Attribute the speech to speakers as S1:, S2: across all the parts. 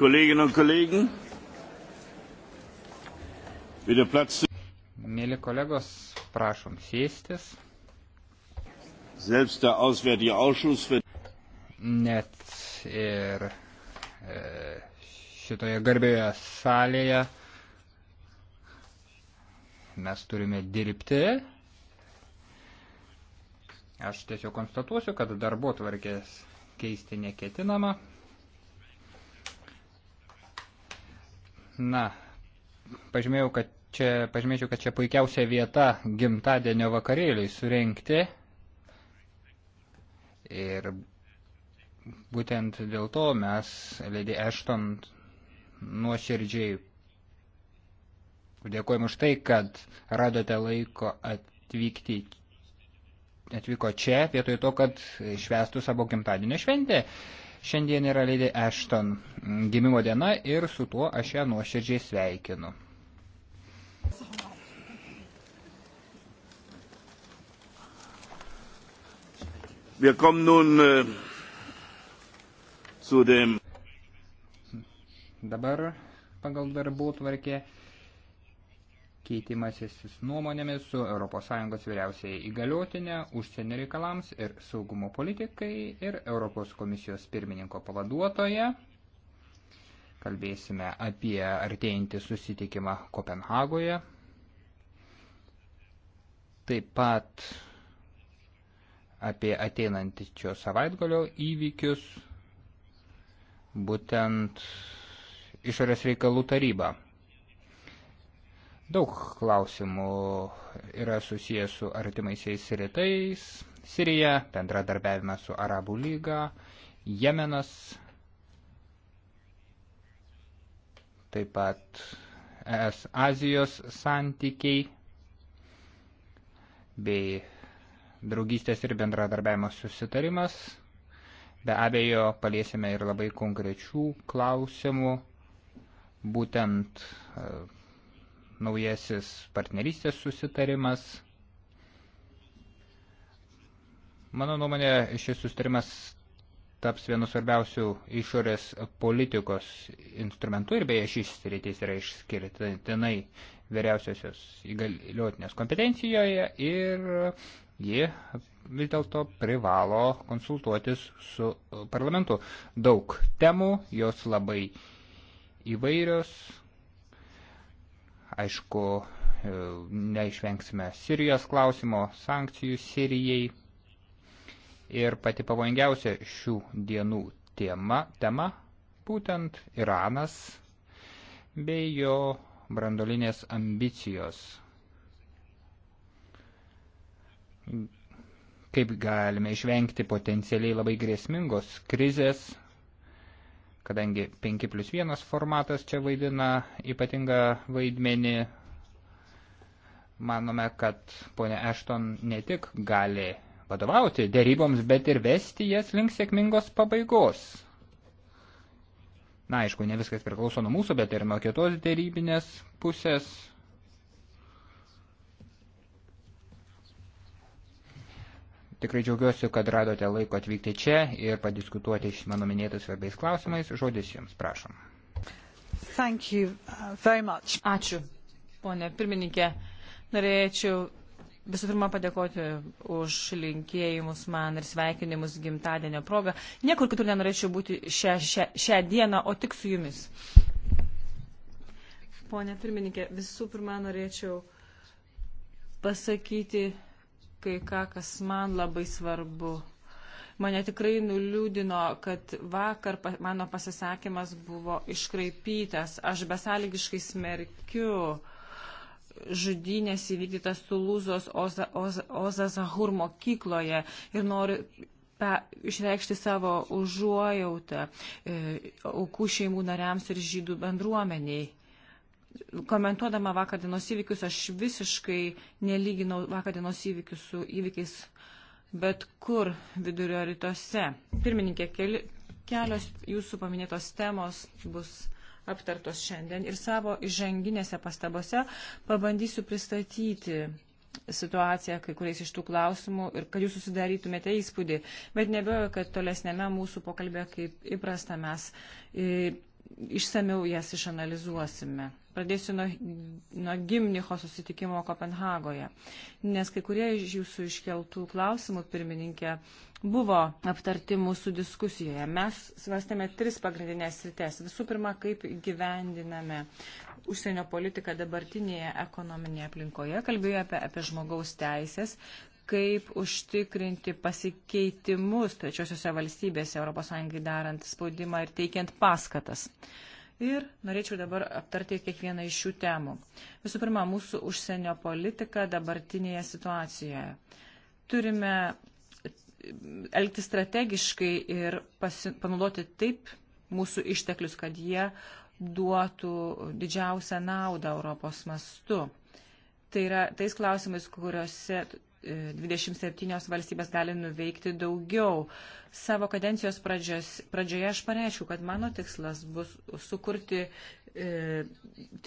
S1: Kolleginnen und Kollegen,
S2: bitte Platz zu. Mėly kolegos, prašom sėstis. Selbst der Auswärtige Ausschuss wird. Net ir e, šitoje garbėje salėje mes turime dirbti. Aš tiesiog konstatuosiu, kad darbo tvarkės keisti neketinama. Na, pažymėjau, kad čia, pažymėčiau, kad čia puikiausia vieta gimtadienio vakarėliui surenkti. Ir būtent dėl to mes, Lady Ashton, nuoširdžiai dėkojame už tai, kad radote laiko atvykti atvyko čia, vietoj to, kad švestų savo gimtadienio šventę. Šiandien yra Lady Ashton gimimo diena ir su tuo aš ją nuoširdžiai sveikinu.
S3: Wir kommen nun äh, zu dem.
S2: Dabar pagal darbų tvarkė keitimasis nuomonėmis su ES vyriausiai įgaliotinė užsienio reikalams ir saugumo politikai ir Europos komisijos pirmininko pavaduotoja. Kalbėsime apie artėjantį susitikimą Kopenhagoje. Taip pat apie ateinančio savaitgalio įvykius, būtent išorės reikalų taryba Daug klausimų yra susijęs su artimaisiais rytais, Sirija, bendradarbiavimas su Arabų lyga, Jemenas, taip pat ES Azijos santykiai bei draugystės ir bendradarbiavimo susitarimas. Be abejo, paliesime ir labai konkrečių klausimų, būtent e, naujasis partnerystės susitarimas. Mano nuomonė, šis susitarimas taps vienu svarbiausių išorės politikos instrumentų ir beje šis sritis yra išskirtinai vyriausiosios įgaliotinės kompetencijoje ir ji vis dėlto privalo konsultuotis su parlamentu. Daug temų, jos labai įvairios, Aišku, e, neišvengsime Sirijos klausimo, sankcijų Sirijai. Ir pati pavojingiausia šių dienų tema, tema būtent Iranas bei jo brandolinės ambicijos. Kaip galime išvengti potencialiai labai grėsmingos krizės kadangi 5 plus 1 formatas čia vaidina ypatingą vaidmenį. Manome, kad ponia Ešton ne tik gali vadovauti dėryboms, bet ir vesti jas link sėkmingos pabaigos. Na, aišku, ne viskas priklauso nuo mūsų, bet ir nuo kitos dėrybinės pusės. Tikrai džiaugiuosi, kad radote laiko atvykti čia ir padiskutuoti iš mano minėtais svarbiais klausimais. Žodis Jums, prašom.
S3: Uh,
S1: Ačiū, ponė pirmininkė. Norėčiau visų pirma padėkoti už linkėjimus man ir sveikinimus gimtadienio progą. Niekur kitur nenorėčiau būti šią, šią, šią dieną, o tik su jumis. Pone pirmininkė, visų pirma norėčiau pasakyti kai ką, kas man labai svarbu. Mane tikrai nuliūdino, kad vakar mano pasisakymas buvo iškraipytas. Aš besąlygiškai smerkiu žudynės įvykdytas Tulūzos Oza, Oza, Oza Zahur mokykloje ir noriu pe, išreikšti savo užuojautą e, aukų šeimų nariams ir žydų bendruomeniai komentuodama vakar dienos įvykius, aš visiškai nelyginau vakar dienos įvykius su įvykiais bet kur vidurio rytuose. Pirmininkė, keli, kelios jūsų paminėtos temos bus aptartos šiandien ir savo įženginėse pastabose pabandysiu pristatyti situaciją kai kuriais iš tų klausimų ir kad jūs susidarytumėte įspūdį. Bet nebejoju, kad tolesnėme mūsų pokalbė, kaip įprasta, mes e, išsameu jas išanalizuosime. Pradėsiu nuo, nuo Gimnicho susitikimo Kopenhagoje, nes kai kurie iš jūsų iškeltų klausimų, pirmininkė, buvo aptarti mūsų diskusijoje. Mes svarstėme tris pagrindinės srites. Visų pirma, kaip gyvendiname užsienio politiką dabartinėje ekonominėje aplinkoje. Kalbėjome apie, apie žmogaus teisės, kaip užtikrinti pasikeitimus trečiosiuose valstybėse ES darant spaudimą ir teikiant paskatas. Ir norėčiau dabar aptarti kiekvieną iš šių temų. Visų pirma, mūsų užsienio politika dabartinėje situacijoje. Turime elgti strategiškai ir pasi, panaudoti taip mūsų išteklius, kad jie duotų didžiausią naudą Europos mastu. Tai yra tais klausimais, kuriuose 27 valstybės gali nuveikti daugiau. Savo kadencijos pradžios, pradžioje aš pareiškiau, kad mano tikslas bus sukurti e,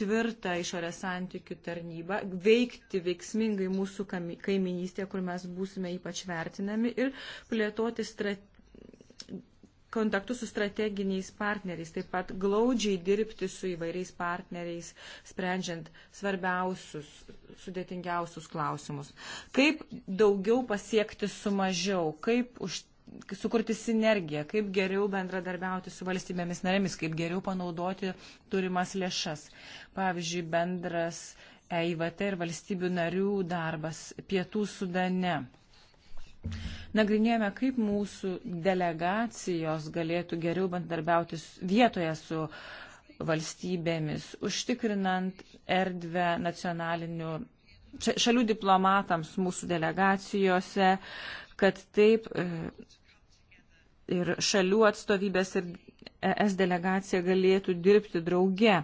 S1: tvirtą išorės santykių tarnybą, veikti veiksmingai mūsų kaiminystėje, kur mes būsime ypač vertinami ir plėtoti strate kontaktus su strateginiais partneriais, taip pat glaudžiai dirbti su įvairiais partneriais, sprendžiant svarbiausius, sudėtingiausius klausimus. Kaip daugiau pasiekti su mažiau, kaip už, sukurti sinergiją, kaip geriau bendradarbiauti su valstybėmis narėmis, kaip geriau panaudoti turimas lėšas. Pavyzdžiui, bendras EIVT ir valstybių narių darbas pietų sudane Nagrinėjome, kaip mūsų delegacijos galėtų geriau bendarbiauti vietoje su valstybėmis, užtikrinant erdvę nacionalinių šalių diplomatams mūsų delegacijose, kad taip e, ir šalių atstovybės ir ES delegacija galėtų dirbti drauge.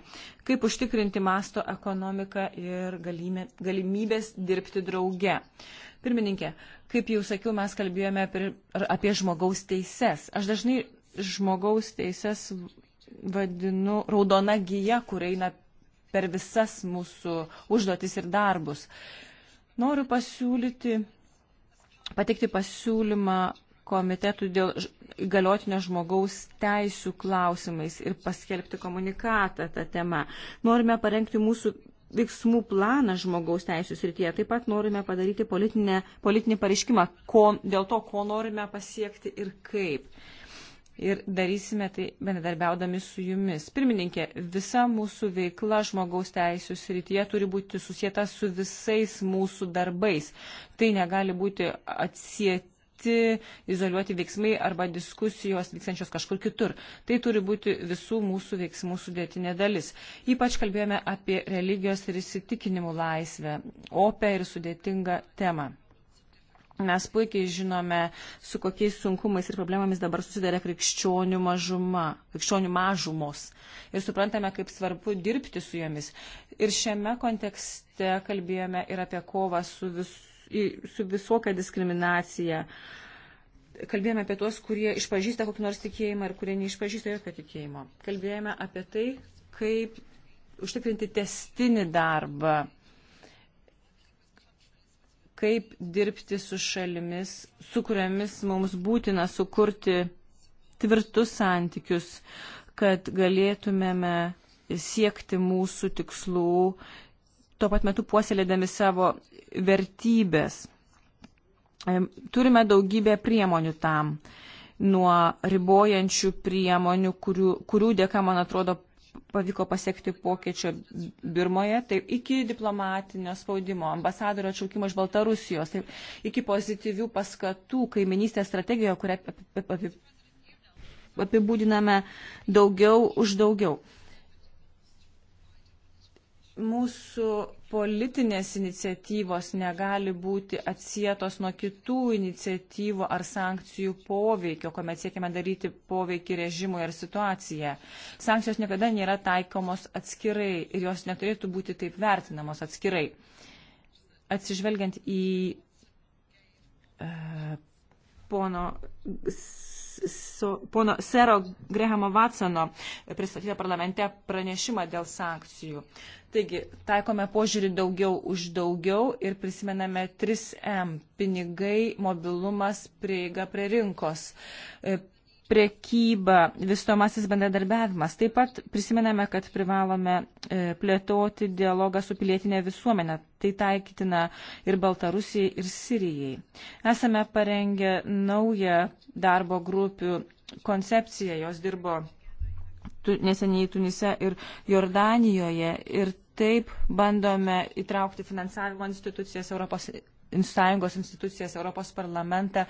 S1: Kaip užtikrinti masto ekonomiką ir galimybės dirbti drauge. Pirmininkė, kaip jau sakiau, mes kalbėjome apie žmogaus teises. Aš dažnai žmogaus teises vadinu raudona gyja, kur eina per visas mūsų užduotis ir darbus. Noriu pasiūlyti, pateikti pasiūlymą komitetų dėl įgaliotinio žmogaus teisų klausimais ir paskelbti komunikatą tą temą. Norime parengti mūsų veiksmų planą žmogaus teisų srityje. Taip pat norime padaryti politinę, politinį pareiškimą ko, dėl to, ko norime pasiekti ir kaip. Ir darysime tai bendradarbiaudami su jumis. Pirmininkė, visa mūsų veikla žmogaus teisų srityje turi būti susijęta su visais mūsų darbais. Tai negali būti atsieti kiti izoliuoti veiksmai arba diskusijos vykstančios kažkur kitur. Tai turi būti visų mūsų veiksmų sudėtinė dalis. Ypač kalbėjome apie religijos ir įsitikinimų laisvę, opę ir sudėtingą temą. Mes puikiai žinome, su kokiais sunkumais ir problemomis dabar susidarė krikščionių mažuma, krikščionių mažumos. Ir suprantame, kaip svarbu dirbti su jomis. Ir šiame kontekste kalbėjome ir apie kovą su visų su visokia diskriminacija. Kalbėjome apie tuos, kurie išpažįsta kokį nors tikėjimą ir kurie neišpažįsta jokio tikėjimo. Kalbėjome apie tai, kaip užtikrinti testinį darbą, kaip dirbti su šalimis, su kuriamis mums būtina sukurti tvirtus santykius, kad galėtumėme siekti mūsų tikslų tuo pat metu puoselėdami savo vertybės. Turime daugybę priemonių tam, nuo ribojančių priemonių, kurių, kurių dėka, man atrodo, pavyko pasiekti pokyčio Birmoje, taip, iki diplomatinio spaudimo, ambasadorio atšaukimo iš Baltarusijos, taip, iki pozityvių paskatų kaiminystės strategijoje, kurią apibūdiname daugiau už daugiau mūsų politinės iniciatyvos negali būti atsietos nuo kitų iniciatyvų ar sankcijų poveikio, kuomet siekime daryti poveikį režimui ar situaciją. Sankcijos niekada nėra taikomos atskirai ir jos neturėtų būti taip vertinamos atskirai. Atsižvelgiant į e, pono Vatso, pono Sero Grehamo Vatsono pristatytą parlamente pranešimą dėl sankcijų. Taigi, taikome požiūrį daugiau už daugiau ir prisimename 3M - pinigai, mobilumas, prieiga prie rinkos. E, prekyba, vistomasis bendradarbiavimas. Taip pat prisimename, kad privalome e, plėtoti dialogą su pilietinė visuomenė. Tai taikytina ir Baltarusijai, ir Sirijai. Esame parengę naują darbo grupių koncepciją. Jos dirbo neseniai Tunise ir Jordanijoje. Ir taip bandome įtraukti finansavimo institucijas Europos sąjungos institucijas, Europos parlamentą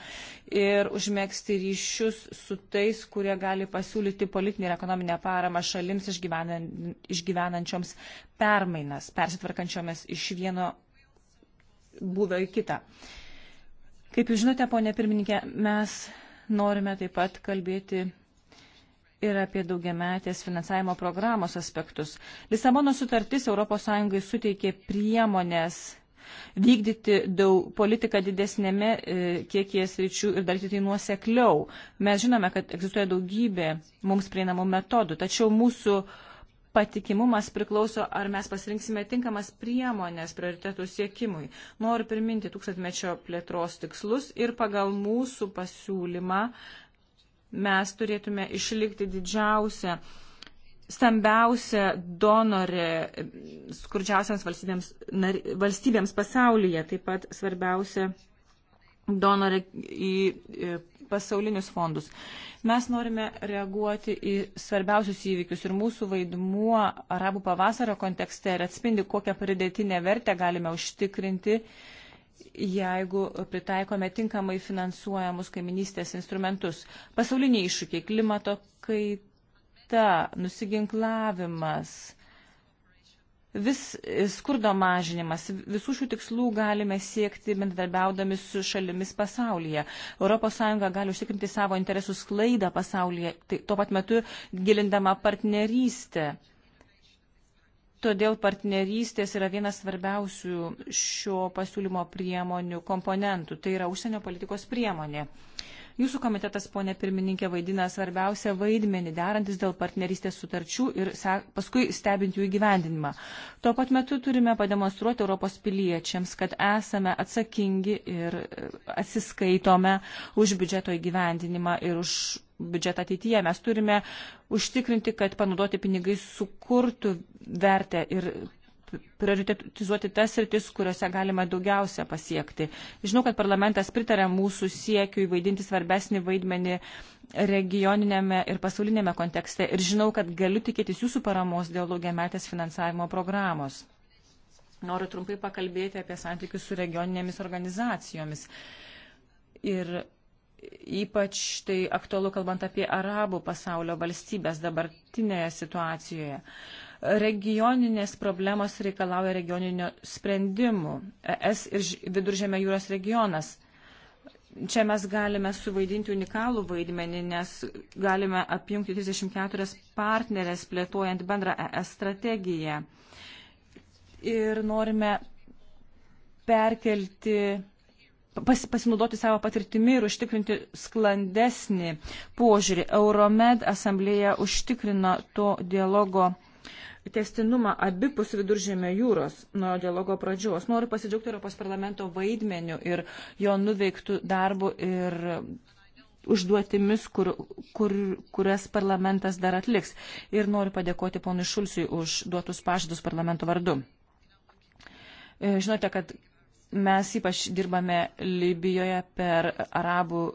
S1: ir užmėgsti ryšius su tais, kurie gali pasiūlyti politinį ir ekonominę paramą šalims išgyvenančioms permainas, persitvarkančiomis iš vieno būvio į kitą. Kaip jūs žinote, ponė pirmininkė, mes norime taip pat kalbėti ir apie daugiametės finansavimo programos aspektus. Lisabono sutartis ES suteikė priemonės vykdyti daug, politiką didesnėme e, kiekie sričių ir daryti tai nuosekliau. Mes žinome, kad egzistuoja daugybė mums prieinamų metodų, tačiau mūsų patikimumas priklauso, ar mes pasirinksime tinkamas priemonės prioritetų siekimui. Noriu priminti tūkstantmečio plėtros tikslus ir pagal mūsų pasiūlymą mes turėtume išlikti didžiausią stambiausia donorė skurdžiausiams valstybėms, nar, valstybėms pasaulyje, taip pat svarbiausia donorė į, į pasaulinius fondus. Mes norime reaguoti į svarbiausius įvykius ir mūsų vaidmuo arabų pavasario kontekste ir atspindi, kokią pridėtinę vertę galime užtikrinti, jeigu pritaikome tinkamai finansuojamus kaiminystės instrumentus. Pasauliniai iššūkiai - klimato kaita kaita, nusiginklavimas, vis skurdo mažinimas. Visų šių tikslų galime siekti bendradarbiaudami su šalimis pasaulyje. ES gali užtikrinti savo interesų sklaidą pasaulyje, tai, tuo pat metu gilindama partnerystę. Todėl partnerystės yra vienas svarbiausių šio pasiūlymo priemonių komponentų. Tai yra užsienio politikos priemonė. Jūsų komitetas, ponė pirmininkė, vaidina svarbiausią vaidmenį derantis dėl partnerystės sutarčių ir paskui stebint jų įgyvendinimą. Tuo pat metu turime pademonstruoti Europos piliečiams, kad esame atsakingi ir e, atsiskaitome už biudžeto įgyvendinimą ir už biudžetą ateityje. Mes turime užtikrinti, kad panaudoti pinigai sukurtų vertę ir prioritetizuoti tas rytis, kuriuose galima daugiausia pasiekti. Žinau, kad parlamentas pritarė mūsų siekiui vaidinti svarbesnį vaidmenį regioninėme ir pasaulinėme kontekste ir žinau, kad galiu tikėtis jūsų paramos dėl daugiametės finansavimo programos. Noriu trumpai pakalbėti apie santykius su regioninėmis organizacijomis. Ir ypač tai aktualu kalbant apie arabų pasaulio valstybės dabartinėje situacijoje. Uh, Regioninės problemos reikalauja regioninio sprendimų. ES ir Viduržėmė jūros regionas. Čia mes galime suvaidinti unikalų vaidmenį, nes galime apjungti 34 partnerės plėtojant bendrą ES strategiją. Ir norime perkelti pas, pasinaudoti savo patirtimi ir užtikrinti sklandesnį požiūrį. Euromed asamblėje užtikrino to dialogo testinumą abipus viduržėmio jūros nuo dialogo pradžios. Noriu pasidžiaugti Europos parlamento vaidmeniu ir jo nuveiktų darbų ir užduotimis, kur, kur, kurias parlamentas dar atliks. Ir noriu padėkoti ponui Šulcijui už duotus pažadus parlamento vardu. E, žinote, kad mes ypač dirbame Libijoje per arabų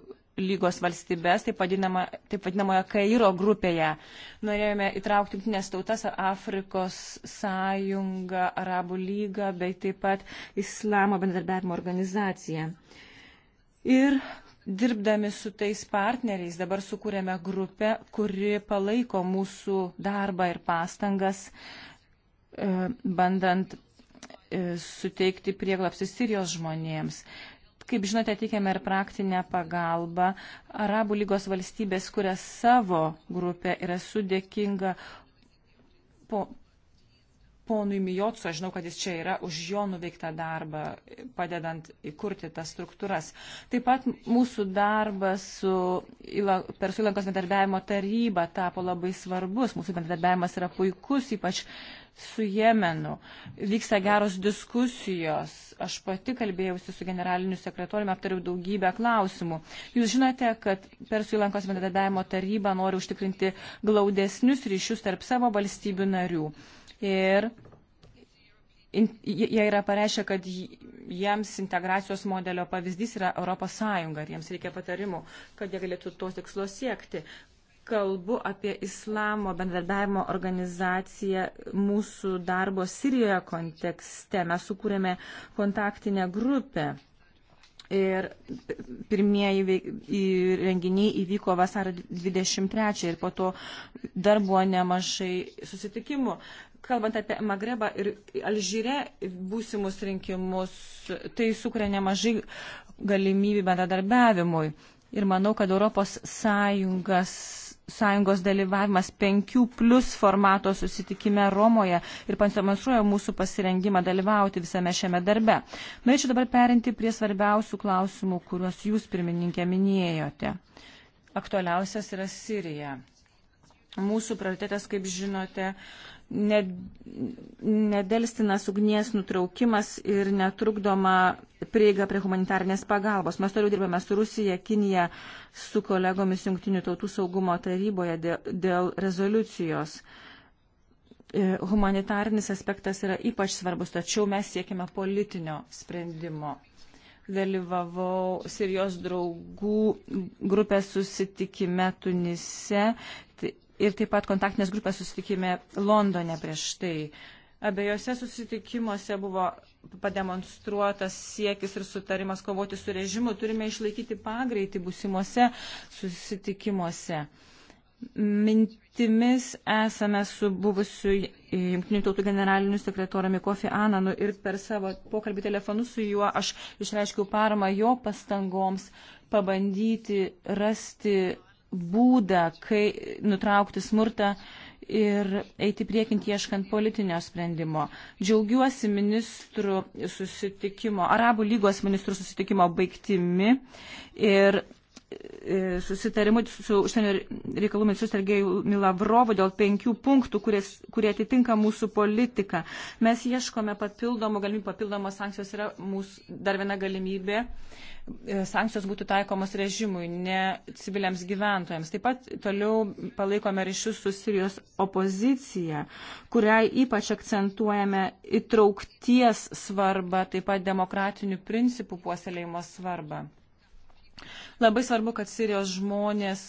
S1: lygos valstybės, taip, vadinama, taip vadinamoje Kairo grupėje. Norėjome įtraukti jungtinės tautas, Afrikos sąjungą, Arabų lygą, bei taip pat Islamo bendradarbiavimo organizaciją. Ir dirbdami su tais partneriais dabar sukūrėme grupę, kuri palaiko mūsų darbą ir pastangas, e, bandant e, suteikti prieglapsis Sirijos žmonėms. Kaip žinote, teikiame ir praktinę pagalbą. Arabų lygos valstybės kuria savo grupę ir esu dėkinga po, ponui Mijotsu, aš žinau, kad jis čia yra, už jo nuveiktą darbą, padedant įkurti tas struktūras. Taip pat mūsų darbas su Persų įlankos bendradarbiavimo taryba tapo labai svarbus. Mūsų bendradarbiavimas yra puikus, ypač su Jemenu. Vyksta geros diskusijos. Aš pati kalbėjausi su generaliniu sekretoriumi, aptariau daugybę klausimų. Jūs žinote, kad Persų įlankos bendradarbiavimo taryba nori užtikrinti glaudesnius ryšius tarp savo valstybių narių. Ir jie yra pareiškę, kad jiems integracijos modelio pavyzdys yra ES ir jiems reikia patarimų, kad jie galėtų tos tikslo siekti kalbu apie islamo bendradarbiavimo organizaciją mūsų darbo Sirijoje kontekste. Mes sukūrėme kontaktinę grupę. Ir pirmieji renginiai įvyko vasaro 23 ir po to dar buvo nemažai susitikimų. Kalbant apie Magrebą ir Alžyre būsimus rinkimus, tai sukuria nemažai galimybių bendradarbiavimui. Ir manau, kad Europos Sąjungas sąjungos dalyvavimas 5 plus formato susitikime Romoje ir pademonstruoja mūsų pasirengimą dalyvauti visame šiame darbe. Norėčiau dabar perinti prie svarbiausių klausimų, kuriuos jūs, pirmininkė, minėjote. Aktualiausias yra Sirija. Mūsų prioritetas, kaip žinote, nedelstinas ugnies nutraukimas ir netrukdoma prieiga prie humanitarnės pagalbos. Mes toliau dirbame su Rusija, Kinija, su kolegomis Junktinių tautų saugumo taryboje dėl, dėl rezoliucijos. E, humanitarnis aspektas yra ypač svarbus, tačiau mes siekime politinio sprendimo. Dalyvavau Sirijos draugų grupės susitikime Tunise ir taip pat kontaktinės grupės susitikime Londone prieš tai. Abiejose susitikimuose buvo pademonstruotas siekis ir sutarimas kovoti su režimu. Turime išlaikyti pagreitį busimuose susitikimuose. Mintimis esame su buvusiu Junktinių tautų generaliniu sekretoriumi Kofi Ananu ir per savo pokalbį telefonu su juo aš išreiškiau paramą jo pastangoms pabandyti rasti būdą, kai nutraukti smurtą ir eiti priekint ieškant politinio sprendimo. Džiaugiuosi ministrų susitikimo, Arabų lygos ministrų susitikimo baigtimi ir E, susitarimu su užsienio reikalų ministru Sergejumi Lavrovu dėl penkių punktų, kuris, kurie atitinka mūsų politiką. Mes ieškome papildomų galimybių, papildomos sankcijos yra mūsų dar viena galimybė. E, sankcijos būtų taikomos režimui, ne civiliams gyventojams. Taip pat toliau palaikome ryšius su Sirijos opozicija, kuriai ypač akcentuojame įtraukties svarbą, taip pat demokratinių principų puoselėjimo svarbą. Labai svarbu, kad Sirijos žmonės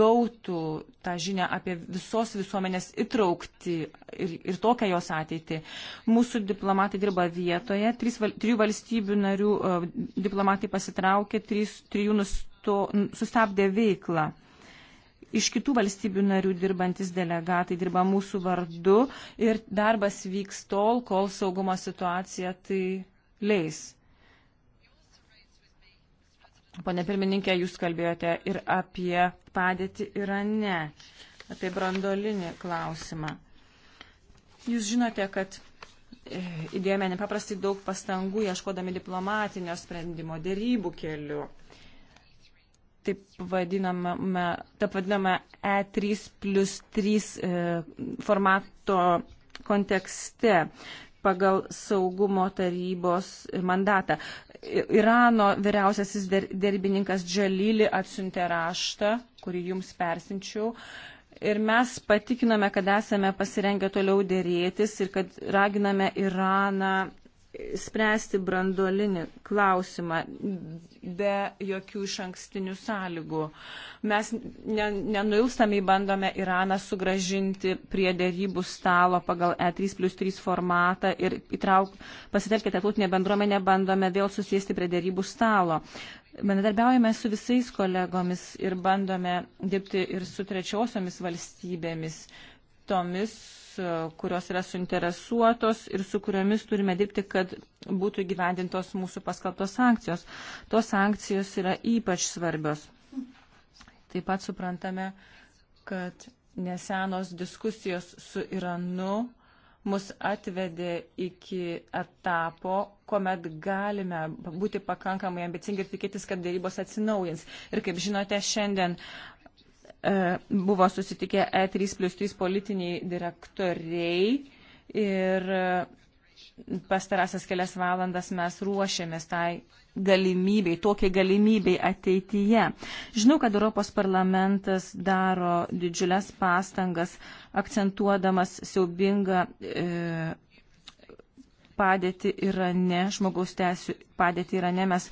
S1: gautų tą žinią apie visos visuomenės įtraukti ir, ir tokią jos ateitį. Mūsų diplomatai dirba vietoje, trys, trijų valstybių narių uh, diplomatai pasitraukė, trys, trijų nusto, sustabdė veiklą. Iš kitų valstybių narių dirbantis delegatai dirba mūsų vardu ir darbas vyks tol, kol saugumo situacija tai leis. Pone pirmininkė, jūs kalbėjote ir apie padėtį Irane, apie brandolinį klausimą. Jūs žinote, kad e, įdėjome nepaprastai daug pastangų ieškodami diplomatinio sprendimo dėrybų keliu. Taip vadiname, taip vadiname E3 plus 3 e, formato kontekste pagal saugumo tarybos mandatą. Irano vyriausiasis derbininkas Džalylį atsiuntė raštą, kurį jums persinčiau. Ir mes patikiname, kad esame pasirengę toliau dėrėtis ir kad raginame Iraną spręsti brandolinį klausimą be jokių iš ankstinių sąlygų. Mes nenuilstamai bandome Iraną sugražinti prie dėrybų stalo pagal E3 plus 3 formatą ir įtrauk, pasitelkę tarptautinę bendruomenę bandome vėl susėsti prie dėrybų stalo. Bendradarbiaujame su visais kolegomis ir bandome dirbti ir su trečiosiomis valstybėmis, tomis, E, kurios yra suinteresuotos ir su kuriomis turime dirbti, kad būtų gyvendintos mūsų paskaltos sankcijos. Tos sankcijos yra ypač svarbios. Taip pat suprantame, kad nesenos diskusijos su Iranu mus atvedė iki etapo, kuomet galime būti pakankamai ambicingi ir tikėtis, kad dėrybos atsinaujins. Ir kaip žinote, šiandien E, buvo susitikę E3 plus 3 politiniai direktoriai ir e, pastarasias kelias valandas mes ruošiamės tai galimybei, tokiai galimybei ateityje. Žinau, kad Europos parlamentas daro didžiulės pastangas, akcentuodamas siaubingą e, padėtį Irane, žmogaus teisų padėtį Irane. Mes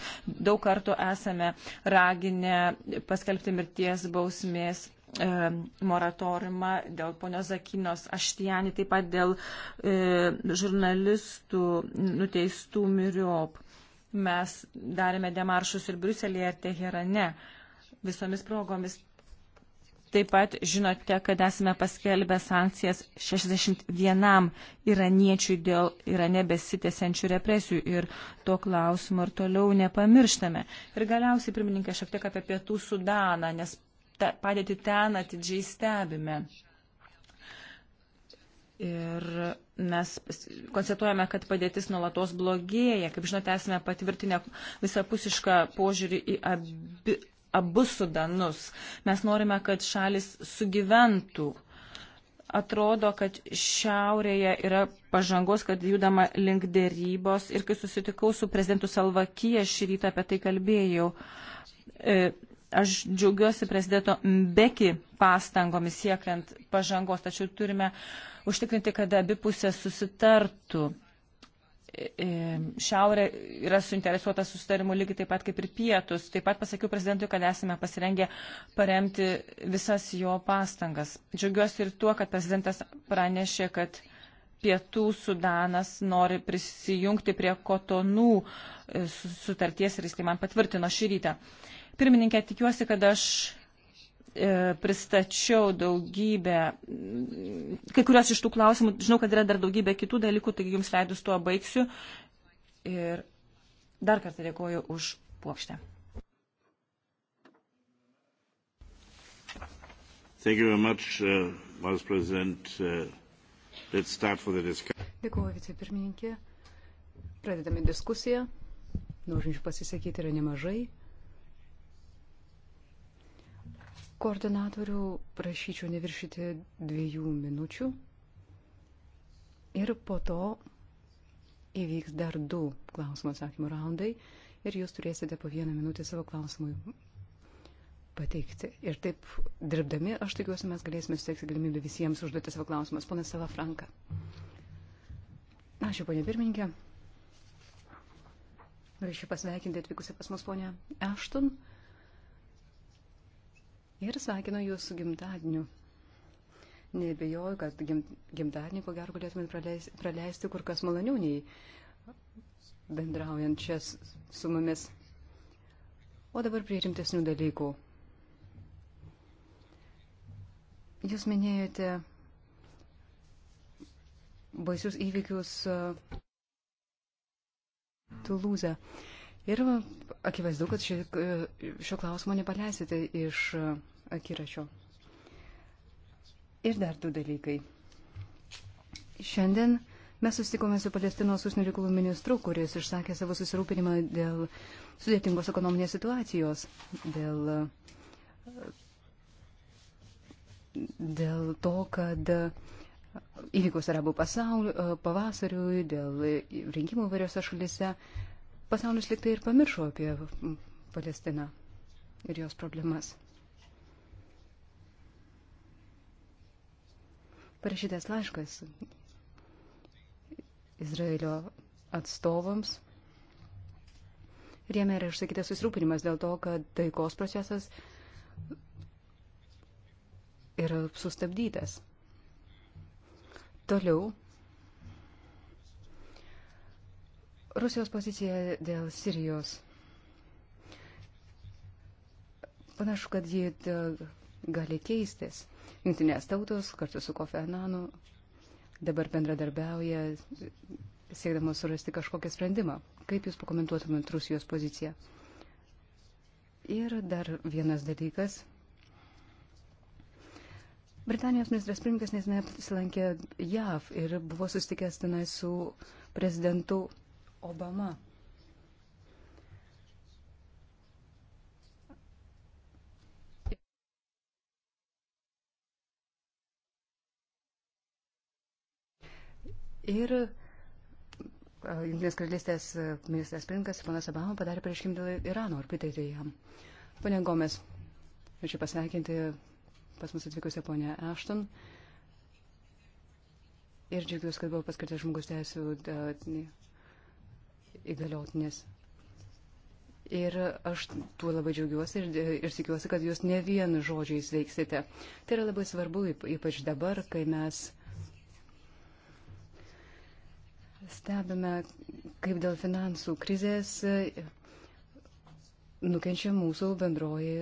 S1: daug kartų esame raginę paskelbti mirties bausmės e, moratoriumą dėl ponios Zakinos Aštijani, taip pat dėl e, žurnalistų nuteistų miriop. Mes darėme demaršus ir Bruselėje, ir Teherane visomis progomis Taip pat žinote, kad esame paskelbę sankcijas 61 iraniečiui dėl Irane besitėsiančių represijų ir to klausimo ir toliau nepamirštame. Ir galiausiai, pirmininkė, šiek tiek apie pietų Sudaną, nes ta, padėti ten atidžiai stebime. Ir mes konstatuojame, kad padėtis nuolatos blogėja. Kaip žinote, esame patvirtinę visapusišką požiūrį į abi, abu sudanus. Mes norime, kad šalis sugyventų. Atrodo, kad šiaurėje yra pažangos, kad judama link dėrybos. Ir kai susitikau su prezidentu Salvakija šį rytą apie tai kalbėjau, e, aš džiaugiuosi prezidento Mbeki pastangomis siekiant pažangos, tačiau turime užtikrinti, kad abi pusės susitartų E, šiaurė yra suinteresuota sustarimu lygiai taip pat kaip ir pietus. Taip pat pasakiau prezidentui, kad esame pasirengę paremti visas jo pastangas. Džiaugiuosi ir tuo, kad prezidentas pranešė, kad pietų Sudanas nori prisijungti prie kotonų e, sutarties ir jis tai man patvirtino šį rytą. Pirmininkė, tikiuosi, kad aš E, pristačiau daugybę, kai kurios iš tų klausimų, žinau, kad yra dar daugybė kitų dalykų, taigi jums leidus tuo baigsiu. Ir dar kartą dėkoju už plokštę. Thank you very much, uh, Vice President. Uh, let's start for the discussion.
S3: Dėkuoju, vicepirmininkė. Pradedame diskusiją. Norinčių pasisakyti yra nemažai. Koordinatorių prašyčiau neviršyti dviejų minučių ir po to įvyks dar du klausimų atsakymų raundai ir jūs turėsite po vieną minutę savo klausimui pateikti. Ir taip dirbdami, aš tikiuosi, mes galėsime suteikti galimybę visiems užduoti savo klausimus. Pana Salafranka. Ačiū, ponė pirmininkė. Norėčiau pasveikinti atvykusią pas mus ponę Ešton ir sveikinu jūs su gimtadieniu. Nebejoju, kad gimtadienį ko gero galėtumėt praleisti, praleisti kur kas maloniau nei bendraujant čia su mumis. O dabar prie rimtesnių dalykų. Jūs minėjote baisius įvykius uh, Tulūze. Ir akivaizdu, kad šio, šio klausimo nepaleisite iš akiračio. Ir dar du dalykai. Šiandien mes susitikome su Palestinos užsienio reikalų ministru, kuris išsakė savo susirūpinimą dėl sudėtingos ekonominės situacijos, dėl, dėl to, kad įvykus arabų pasaulio pavasariui, dėl rinkimų variose šalise pasaulis liktai ir pamiršo apie Palestiną ir jos problemas. Parašytas laiškas Izraelio atstovams ir jame yra išsakytas susirūpinimas dėl to, kad taikos procesas yra sustabdytas. Toliau Rusijos pozicija dėl Sirijos. Panašu, kad ji gali keistis. Jungtinės tautos kartu su Kofi Ananu dabar bendradarbiauja siekdamas surasti kažkokią sprendimą. Kaip Jūs pakomentuotumėt Rusijos poziciją? Ir dar vienas dalykas. Britanijos ministras Primkas nesnai apsilankė JAV ir buvo sustikęs tenai su prezidentu Obama. Ir Junktinės karalystės ministras Pirinkas, ponas Obama, padarė pareiškimą dėl Irano ir pritarė jam. Pone Gomes, norėčiau pasveikinti pas mus atvykusią ponę Ashton. Ir džiaugiuosi, kad buvo paskirtas žmogus teisų įgaliotinis. Ir aš tuo labai džiaugiuosi ir, ir tikiuosi, kad jūs ne vien žodžiais veiksite. Tai yra labai svarbu, ypač dabar, kai mes stebime, kaip dėl finansų krizės nukenčia mūsų bendroji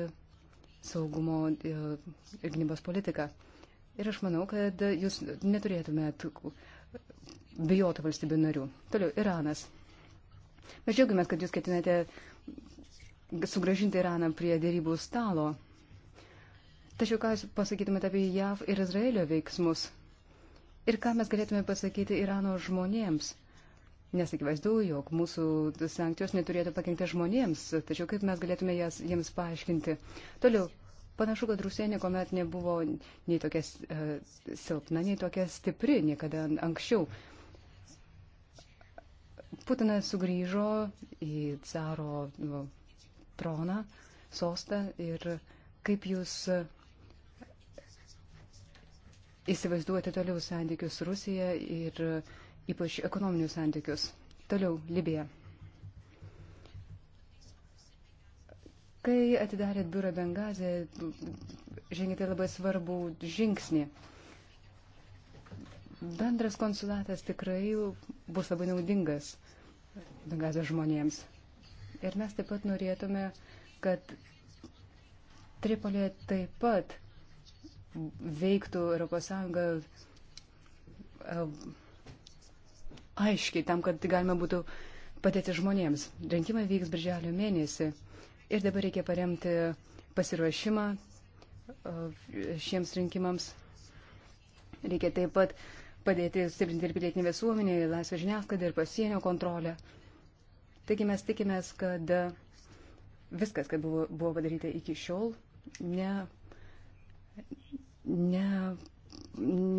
S3: saugumo e, ir gynybos politika. Ir aš manau, kad jūs neturėtumėt bijoti valstybių narių. Toliau, Iranas. Mes džiaugiamės, kad jūs ketinate sugražinti Iraną prie dėrybų stalo. Tačiau ką jūs pasakytumėte apie JAV ir Izraelio veiksmus? Ir ką mes galėtume pasakyti Irano žmonėms? Nes akivaizdu, jog mūsų sankcijos neturėtų pakengti žmonėms, tačiau kaip mes galėtume jas jiems paaiškinti. Toliau, panašu, kad Rusija niekuomet nebuvo nei tokia uh, silpna, nei tokia stipri niekada anksčiau. Uh, Putinas sugrįžo į caro nu, troną, sostą ir kaip jūs įsivaizduoti toliau santykius su Rusija ir ypač ekonominius santykius. Toliau Libija. Kai atidarėt biurą Bengazė, žengėte labai svarbų žingsnį bendras konsulatas tikrai bus labai naudingas Gazos žmonėms. Ir mes taip pat norėtume, kad Tripolė taip pat veiktų ES e, aiškiai tam, kad galima būtų padėti žmonėms. Rinkimai vyks birželio mėnesį ir dabar reikia paremti pasiruošimą e, šiems rinkimams. Reikia taip pat padėti stiprinti ir pilietinį visuomenį, laisvę žiniasklaidą ir pasienio kontrolę. Taigi mes tikimės, kad viskas, kas buvo, buvo padaryta iki šiol, ne, ne,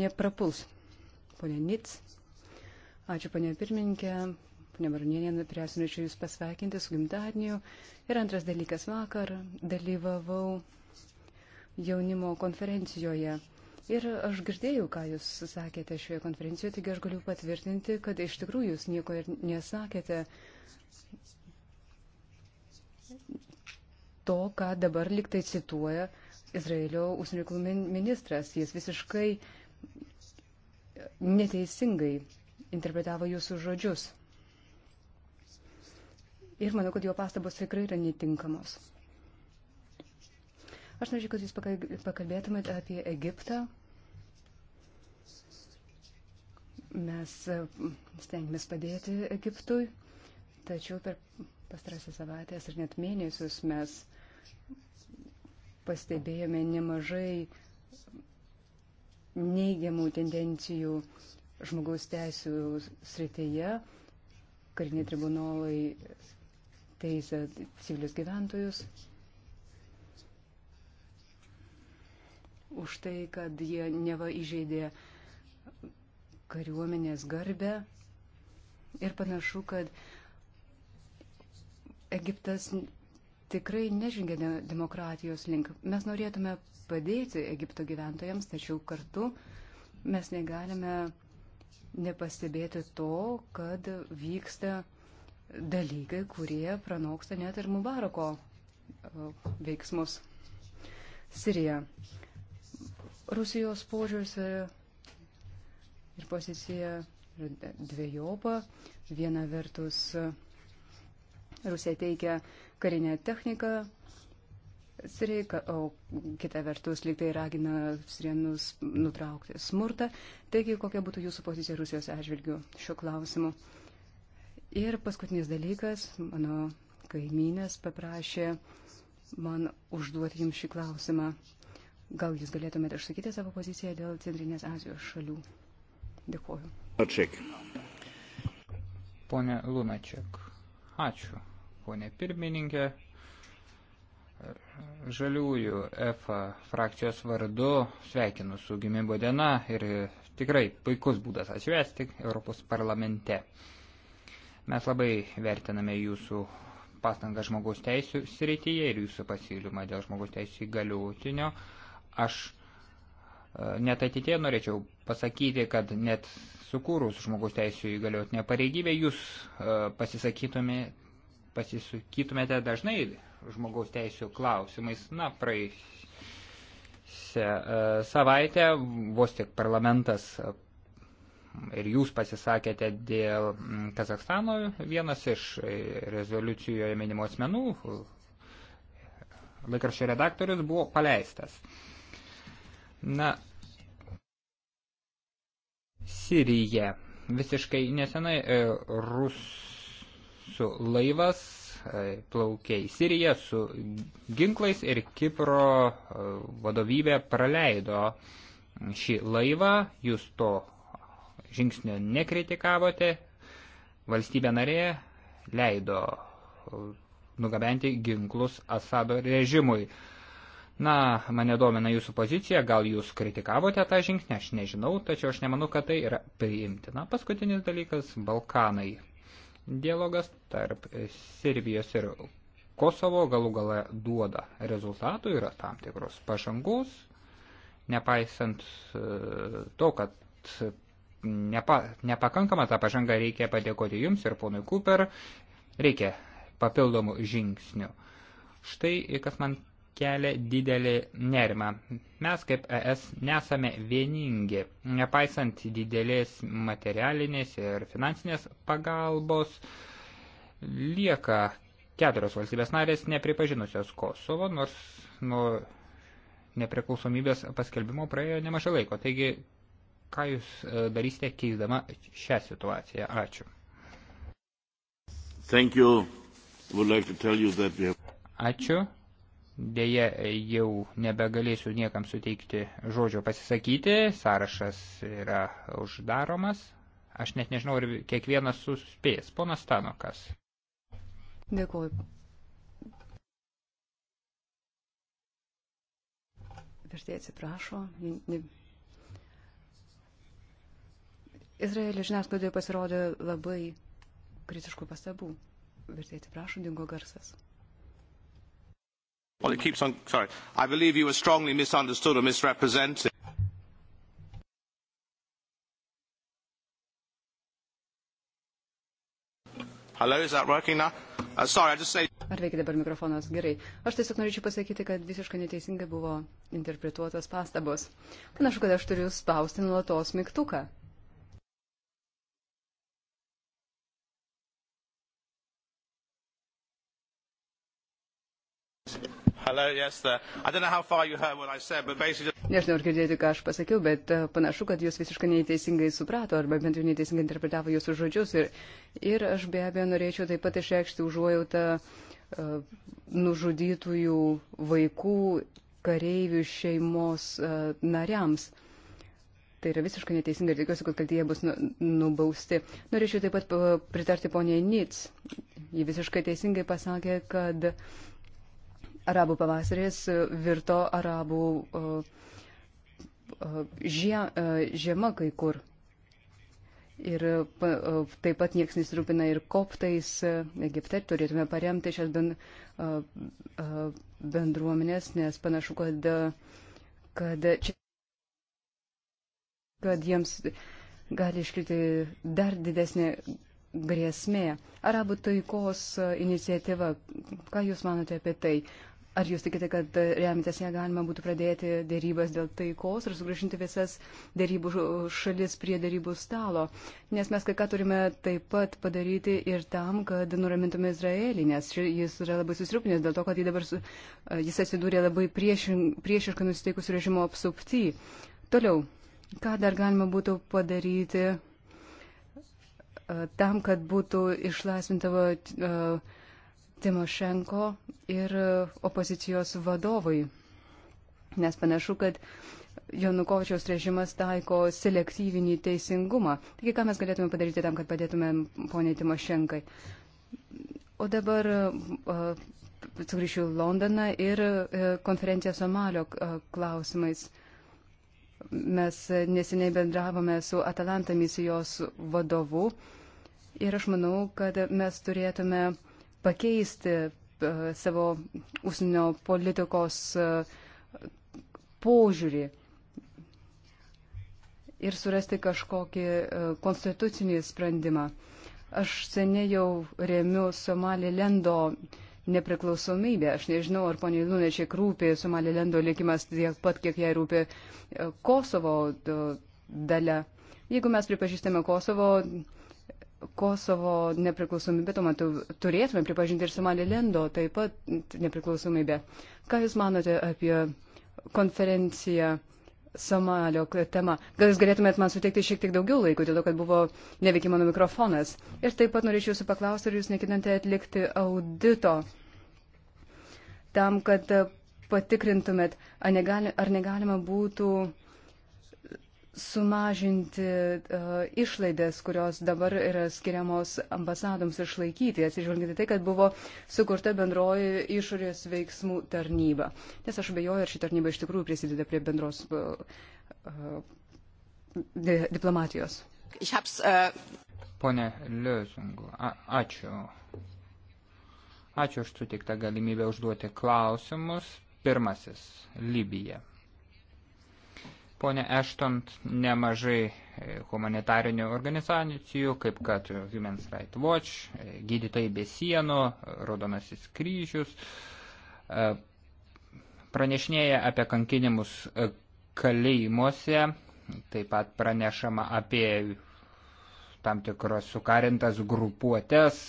S3: neprapuls. Pone Nits, ačiū ponė pirmininkė, ponė Marnienė, nu, priesinučiu Jūs pasveikinti su gimtadieniu. Ir antras dalykas, vakar dalyvavau jaunimo konferencijoje Ir aš girdėjau, ką Jūs sakėte šioje konferencijoje, taigi aš galiu patvirtinti, kad iš tikrųjų Jūs nieko ir nesakėte to, ką dabar liktai cituoja Izraelio užsienio reikalų ministras. Jis visiškai neteisingai interpretavo Jūsų žodžius. Ir manau, kad jo pastabos tikrai yra netinkamos. Aš norėčiau, kad jūs pakalbėtumėt apie Egiptą Mes e, stengiamės padėti Egiptui, tačiau per pastarąsią savaitę ir net mėnesius mes pastebėjome nemažai neigiamų tendencijų žmogaus teisų srityje. Kariniai tribunolai teisę civilius gyventojus už tai, kad jie neva įžeidė uh, kariuomenės garbę. Ir panašu, kad Egiptas tikrai nežingia demokratijos link. Mes norėtume padėti Egipto gyventojams, tačiau kartu mes negalime nepastebėti to, kad vyksta dalykai, kurie pranoksta net ir Mubarako e, veiksmus. Sirija. Rusijos požiūris ir pozicija yra dviejopa. Viena vertus Rusija teikia karinę techniką, Sirijai, o kita vertus liktai ragina sirienus nutraukti smurtą. Taigi, kokia būtų jūsų pozicija Rusijos atžvilgių šiuo klausimu? Ir paskutinis dalykas, mano kaimynės paprašė man užduoti jums šį klausimą. Gal jūs galėtumėte išsakyti savo poziciją dėl Centrinės Azijos šalių? Dėkuoju.
S2: Atšek. Pone Lunačiak, ačiū. Pone pirmininkė, žaliųjų F frakcijos vardu sveikinu su gimimo diena ir tikrai puikus būdas atšvesti Europos parlamente. Mes labai vertiname jūsų pastangą žmogaus teisų srityje ir jūsų pasiūlymą dėl žmogaus teisų įgaliotinio. Aš Net ateitie norėčiau pasakyti, kad net sukūrus žmogus teisų įgaliotinę pareigybę jūs pasisakytumė, e, pasisakytumėte dažnai žmogaus teisų klausimais. Na, praeisę e, savaitę vos tik parlamentas ir jūs pasisakėte dėl Kazakstano vienas iš rezoliucijoje minimų asmenų, laikraščio redaktorius buvo paleistas. Na, Sirija. Visiškai nesenai e, rusų laivas e, plaukė į Siriją su ginklais ir Kipro e, vadovybė praleido šį laivą, jūs to žingsnio nekritikavote, valstybė narė leido nugabenti ginklus Asado režimui. Na, mane domina jūsų pozicija, gal jūs kritikavote tą žingsnį, aš nežinau, tačiau aš nemanau, kad tai yra priimtina. Paskutinis dalykas - Balkanai. Dialogas tarp Serbijos ir Kosovo galų gale duoda rezultatų, yra tam tikros pažangus, nepaisant e, to, kad nepa, nepakankama tą pažangą reikia padėkoti jums ir ponui Cooper, reikia papildomų žingsnių. Štai, kas man kelia didelį nerimą. Mes kaip ES nesame vieningi, nepaisant didelės materialinės ir finansinės pagalbos, lieka keturios valstybės narės nepripažinusios Kosovo, nors nuo nepriklausomybės paskelbimo praėjo nemažai laiko. Taigi, ką jūs e, darysite keisdama šią situaciją? Ačiū.
S3: Thank you. Would like to tell you that we have...
S2: Ačiū. Deja, jau nebegalėsiu niekam suteikti žodžio pasisakyti, sąrašas yra uždaromas. Aš net nežinau, ar kiekvienas suspės. Ponas Stanokas.
S3: Dėkuoju. Vertė atsiprašo. Izraelio žiniasklaidoje pasirodė labai kritiškų pastabų. Vertė atsiprašo, dingo garsas. Well, it keeps on. Sorry. I believe you were strongly misunderstood or misrepresented. Hello, is that working now? Uh, sorry, I just say. Ar veikia dabar mikrofonas? Gerai. Aš tiesiog norėčiau pasakyti, kad visiškai neteisingai buvo interpretuotos pastabos. Panašu, kad aš turiu spausti nuolatos mygtuką. Nežinau, ar girdėjote, ką aš pasakiau, bet e, panašu, kad jūs visiškai neteisingai suprato, arba bent jau neteisingai interpretavo jūsų žodžius. Ir, ir aš be abejo norėčiau taip pat išreikšti užuojautą uh, nužudytųjų vaikų kareivių šeimos uh, nariams. Tai yra visiškai neteisinga ir tikiuosi, kad kaltieji bus nu, nubausti. Norėčiau taip pat pritarti poniai Nits. Ji visiškai teisingai pasakė, kad uh, arabų pavasaris virto arabų žie, e, žiema kai kur. Ir taip pat niekas nesirūpina ir koptais e, Egipte, turėtume paremti šias bendruomenės, nes panašu, kad, kad, čia, kad jiems gali iškilti dar didesnė grėsmė. Arabų taikos iniciatyva, ką Jūs manote apie tai? Ar jūs tikite, kad remintis ją galima būtų pradėti dėrybas dėl taikos ir sugrįžinti visas dėrybų šalis prie dėrybų stalo? Nes mes kai ką turime taip pat padaryti ir tam, kad nuramintume Izraelį, nes jis yra labai susirūpinęs dėl to, kad dabar, jis atsidūrė labai priešin, priešiškai nusiteikusių režimo apsupti. Toliau, ką dar galima būtų padaryti e, tam, kad būtų išlaisvinta. Uh, Timošenko ir e, opozicijos vadovui, nes panašu, kad Jonukovičiaus režimas taiko selektyvinį teisingumą. Taigi, ką mes galėtume padaryti tam, kad padėtumėm poniai Timošenkai? O dabar uh, sugrįšiu Londoną ir uh, konferenciją Somalio uh, klausimais. Mes neseniai bendravome su Atalanta misijos vadovu ir aš manau, kad mes turėtume uh, pakeisti e, savo užsienio politikos e, požiūrį ir surasti kažkokį e, konstitucinį sprendimą. Aš seniai jau remiu Somalilendo nepriklausomybę. Aš nežinau, ar poniai Lunečiai rūpi Somalilendo likimas tiek pat, kiek jai rūpi Kosovo dalia. Jeigu mes pripažįstame Kosovo Kosovo nepriklausomybę, tuo metu turėtume pripažinti ir Somalilendo taip pat nepriklausomybę. Ką Jūs manote apie konferenciją Somalio tema? Gal Jūs galėtumėt man suteikti šiek tiek daugiau laiko, dėl to, kad buvo neveikia mano mikrofonas. Ir taip pat norėčiau Jūsų paklausti, ar Jūs nekinate atlikti audito tam, kad patikrintumėt, ar negalima būtų sumažinti uh, išlaidas, kurios dabar yra skiriamos ambasadoms išlaikyti, atsižvelginti tai, kad buvo sukurta bendroji išorės veiksmų tarnyba. Nes aš abejoju, ar ši tarnyba iš tikrųjų prisideda prie bendros uh, di diplomatijos.
S1: Äh,
S2: Pone Liuzungu, ačiū. Ačiū už sutiktą galimybę užduoti klausimus. Pirmasis - Libija. Pone Eštant, nemažai e, humanitarinių organizacijų, kaip kad Human Rights Watch, e, Gydytojai be sienų, Raudonasis kryžius, e, pranešinėja apie kankinimus kalėjimuose, taip pat pranešama apie tam tikros sukarintas grupuotės,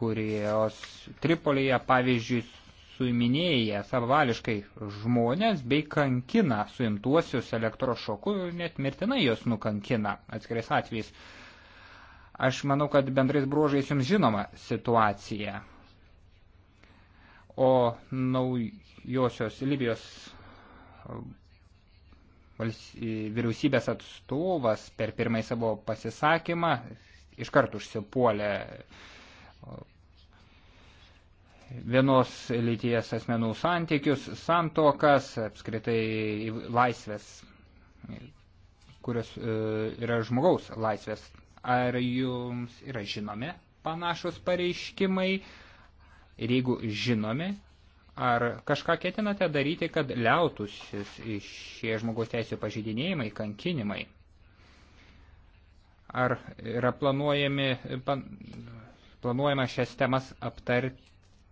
S2: kurios Tripolyje, pavyzdžiui, suiminėja savavališkai žmonės bei kankina suimtuosius elektrošoku, net mirtinai jos nukankina atskirais atvejais. Aš manau, kad bendrais bruožais jums žinoma situacija. O naujosios Libijos uh, vyriausybės atstovas per pirmąjį savo pasisakymą iškart užsipuolė uh, vienos lyties asmenų santykius, santokas, apskritai laisvės, kurios e, yra žmogaus laisvės. Ar jums yra žinomi panašus pareiškimai? Ir jeigu žinomi, ar kažką ketinate daryti, kad liautusis šie žmogaus teisų pažydinėjimai, kankinimai? Ar yra planuojami, pan, planuojama šias temas aptarti?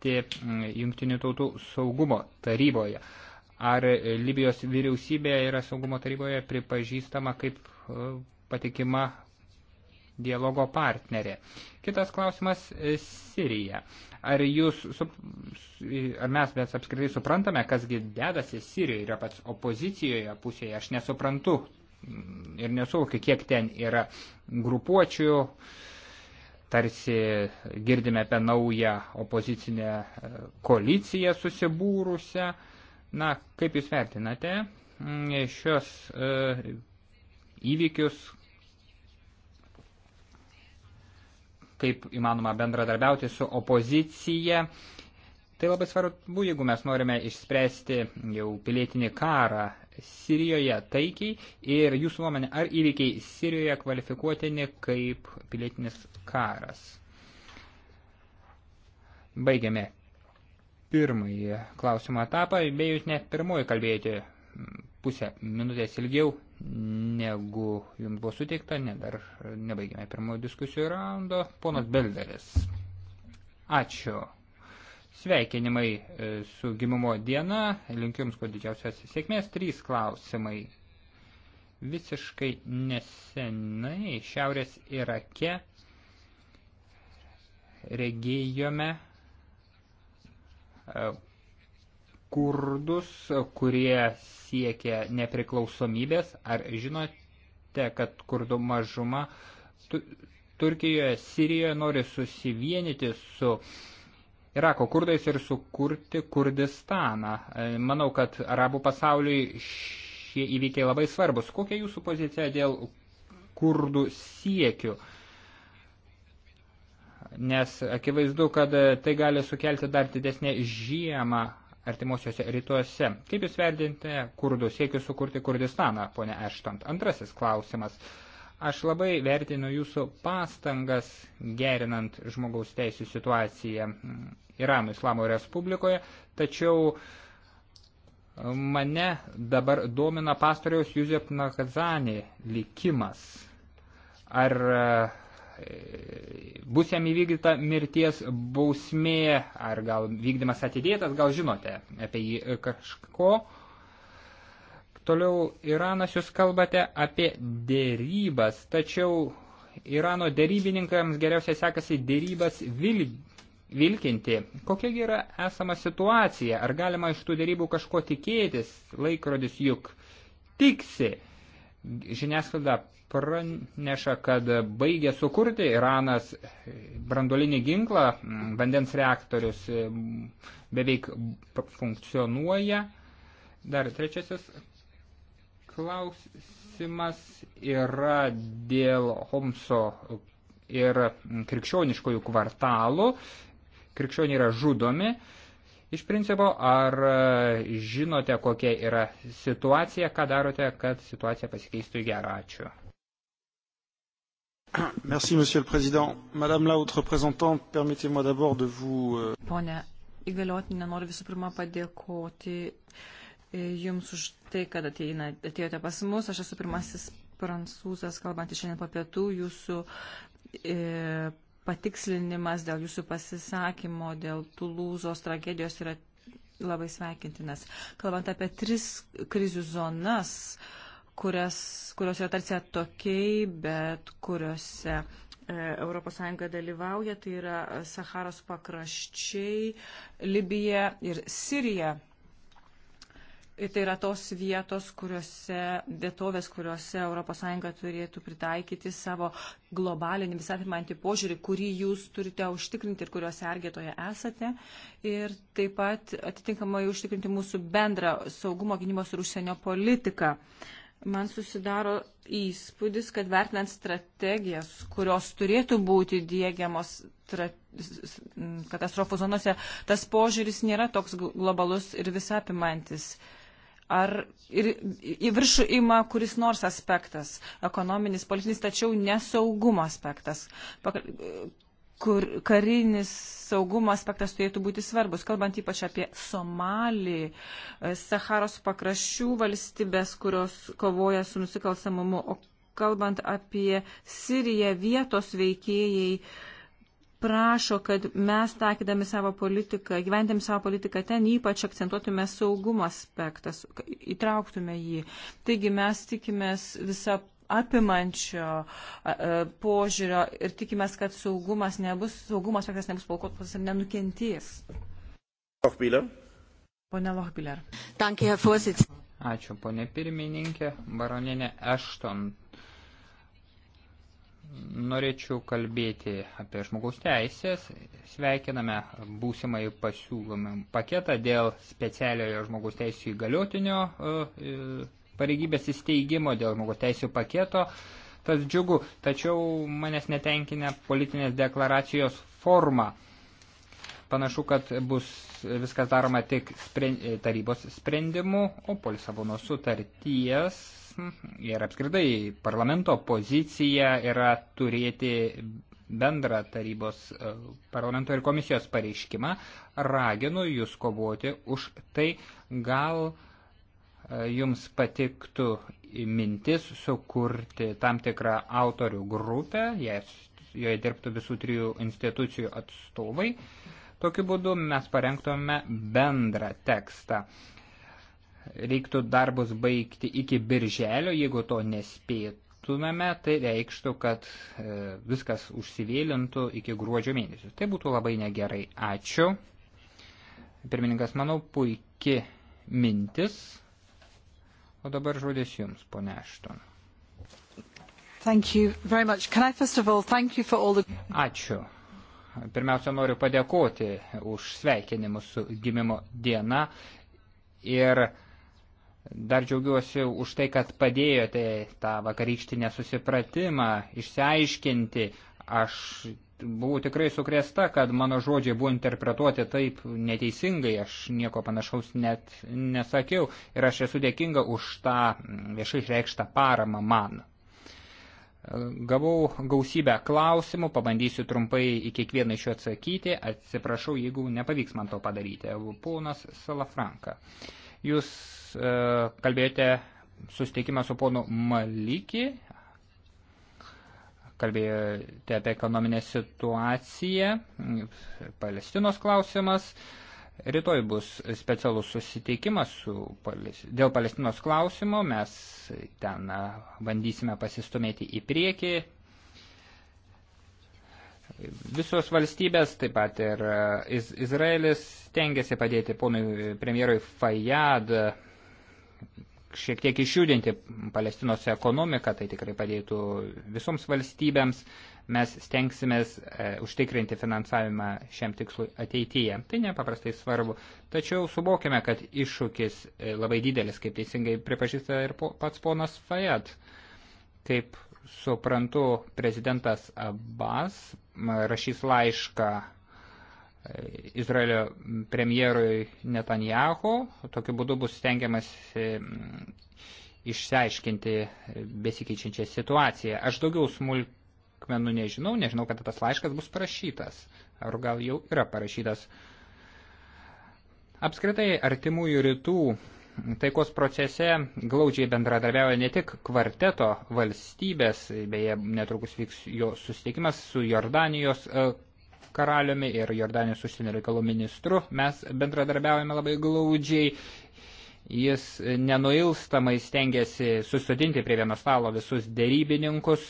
S2: dalyvauti mm, Junktinių tautų saugumo taryboje. Ar Libijos vyriausybė yra saugumo taryboje pripažįstama kaip e, patikima dialogo partnerė. Kitas klausimas e, - Sirija. Ar, jūs, e, ar mes mes apskritai suprantame, kasgi dedasi Sirijoje, yra pats opozicijoje pusėje, aš nesuprantu mm, ir nesuvokiu, kiek ten yra grupuočių, uh, tarsi girdime apie naują opozicinę e, koaliciją susibūrusią. Na, kaip Jūs vertinate mm, šios e, įvykius, kaip įmanoma bendradarbiauti su opozicija. Tai labai svarbu, jeigu mes norime išspręsti jau pilietinį karą Sirijoje taikiai ir jūsų nuomonė, ar įvykiai Sirijoje kvalifikuotini kaip pilietinis karas? Baigiame pirmąjį klausimą etapą, bei jūs ne pirmoji kalbėjote pusę minutės ilgiau negu jums buvo suteikta, ne, dar nebaigėme pirmojo diskusijų raundo. Ponas Belderis. Ačiū. Sveikinimai e, su gimimo diena, linkiu Jums kuo didžiausios sėkmės, trys klausimai. Visiškai nesenai Šiaurės Irake regėjome e, kurdus, kurie siekia nepriklausomybės. Ar žinote, kad kurdų mažuma Turkijoje, Sirijoje nori susivienyti su uh, Irako kurdais ir sukurti Kurdistaną. E, manau, kad arabų pasauliui šie įvykiai labai svarbus. Kokia jūsų pozicija dėl kurdų siekių? Nes akivaizdu, kad tai gali sukelti dar didesnę žiemą artimuosiuose rytuose. Kaip jūs verdinate kurdų siekius sukurti Kurdistaną, ponė Eštant? Antrasis klausimas. Aš labai vertinu jūsų pastangas gerinant žmogaus teisų situaciją Irano Islamo Respublikoje, tačiau mane dabar domina pastoriaus Juzep Nakazanė likimas. Ar e, bus jam įvykdyta mirties bausmė, ar gal vykdymas atidėtas, gal žinote apie jį kažko. Toliau Iranas jūs kalbate apie dėrybas, tačiau Irano dėrybininkams geriausiai sekasi dėrybas vil, vilkinti. Kokia yra esama situacija? Ar galima iš tų dėrybų kažko tikėtis? Laikrodis juk tiksi. Žiniasklaida praneša, kad baigė sukurti Iranas brandolinį ginklą, vandens reaktorius beveik funkcionuoja. Dar trečiasis klausimas yra dėl Homso ir krikščioniškojų kvartalų krikščioniai yra žudomi iš principo, ar e, žinote, kokia yra situacija, ką darote, kad situacija pasikeistų į gerą. Ačiū. Merci, Monsieur le Président. Madame la haute représentante, permettez-moi d'abord de vous. Euh,
S1: Pone įgaliotinė, noriu visų pirma padėkoti e, Jums už tai, kad ateina, atėjote pas mus. Aš esu pirmasis prancūzas, kalbantys šiandien po pietų, jūsų e, patikslinimas dėl jūsų pasisakymo, dėl Tulūzos tragedijos yra labai sveikintinas. Kalbant apie tris krizių zonas, kurias, kurios yra tarsi atokiai, bet kuriuose ES dalyvauja, tai yra Saharos pakraščiai, Libija ir Sirija. Tai yra tos vietos, kuriuose, vietovės, kuriuose ES turėtų pritaikyti savo globalinį visapimantį požiūrį, kurį jūs turite užtikrinti ir kurios sergėtoje esate. Ir taip pat atitinkamai užtikrinti mūsų bendrą saugumo gynybos ir užsienio politiką. Man susidaro įspūdis, kad vertinant strategijas, kurios turėtų būti dėgiamos katastrofų zonose, tas požiūris nėra toks globalus ir visapimantis. apimantis ar ir į viršų ima kuris nors aspektas - ekonominis, politinis, tačiau nesaugumo aspektas. Kur karinis saugumo aspektas turėtų būti svarbus, kalbant ypač apie Somalį, e, Saharos pakraščių valstybės, kurios kovoja su nusikalstamumu, o kalbant apie Siriją vietos veikėjai prašo, kad mes takydami savo politiką, gyventėm savo politiką ten ypač akcentuotume saugumo aspektas, įtrauktume jį. Taigi mes tikimės visą apimančio požiūrio ir tikimės, kad saugumas nebus, saugumo aspektas nebus paukotas ir nenukentys. Lochbiller. Pone Lochbiller.
S2: Ačiū, ponė pirmininkė. Baroninė Ešton norėčiau kalbėti apie žmogaus teisės. Sveikiname būsimai pasiūlomą paketą dėl specialiojo žmogaus teisų įgaliotinio e, e, pareigybės įsteigimo, dėl žmogaus teisų paketo. Tas džiugu, tačiau manęs netenkinę politinės deklaracijos forma. Panašu, kad bus viskas daroma tik tarybos sprendimu, o polisabono sutarties ir apskritai parlamento pozicija yra turėti bendrą tarybos e, parlamento ir komisijos pareiškimą. Raginu jūs kovoti už tai. Gal e, jums patiktų mintis sukurti tam tikrą autorių grupę, joje dirbtų visų trijų institucijų atstovai. Tokiu būdu mes parengtume bendrą tekstą reiktų darbus baigti iki birželio, jeigu to nespėtumėme, tai reikštų, kad e, viskas užsivėlintų iki gruodžio mėnesio. Tai būtų labai negerai. Ačiū. Pirmininkas, manau, puikia mintis. O dabar žodis jums, ponia Ašton. The... Ačiū. Pirmiausia, noriu padėkoti už sveikinimus su gimimo diena ir Dar džiaugiuosi už tai, kad padėjote tą vakarykštį nesusipratimą išsiaiškinti. Aš buvau tikrai sukrėsta, kad mano žodžiai buvo interpretuoti taip neteisingai, aš nieko panašaus net nesakiau ir aš esu dėkinga už tą viešai išreikštą paramą man. Gavau gausybę klausimų, pabandysiu trumpai į kiekvieną iš jų atsakyti, atsiprašau, jeigu nepavyks man to padaryti. Ponas Salafranka. Uh, Jūs e, kalbėjote susitikimą su ponu Maliki, kalbėjote apie ekonominę situaciją, Palestinos klausimas. Rytoj bus specialus susitikimas su, dėl Palestinos klausimo, mes ten bandysime pasistumėti į priekį, Visos valstybės, taip pat ir e, iz Izraelis, tengiasi padėti ponui e, premjerui Fayad e, šiek tiek išjudinti Palestinos ekonomiką, tai tikrai padėtų visoms valstybėms. Mes stengsimės e, užtikrinti finansavimą šiam tikslui ateityje. Tai nepaprastai svarbu. Tačiau suvokime, kad iššūkis e, labai didelis, kaip teisingai pripažįsta ir po, pats ponas Fayad. Kaip suprantu, prezidentas Abbas rašys laišką e, Izraelio premjerui Netanjahu. Tokiu būdu bus stengiamas e, išsiaiškinti e, besikeičiančią situaciją. Aš daugiau smulkmenų nežinau, nežinau, kad tas laiškas bus parašytas. Ar gal jau yra parašytas. Apskritai, artimųjų rytų taikos procese glaudžiai bendradarbiauja ne tik kvarteto valstybės, beje, netrukus vyks jo susitikimas su Jordanijos e, karaliumi ir Jordanijos užsienio reikalų ministru. Mes bendradarbiaujame labai glaudžiai. Jis nenuilstamai stengiasi susodinti prie vieno stalo visus dėrybininkus,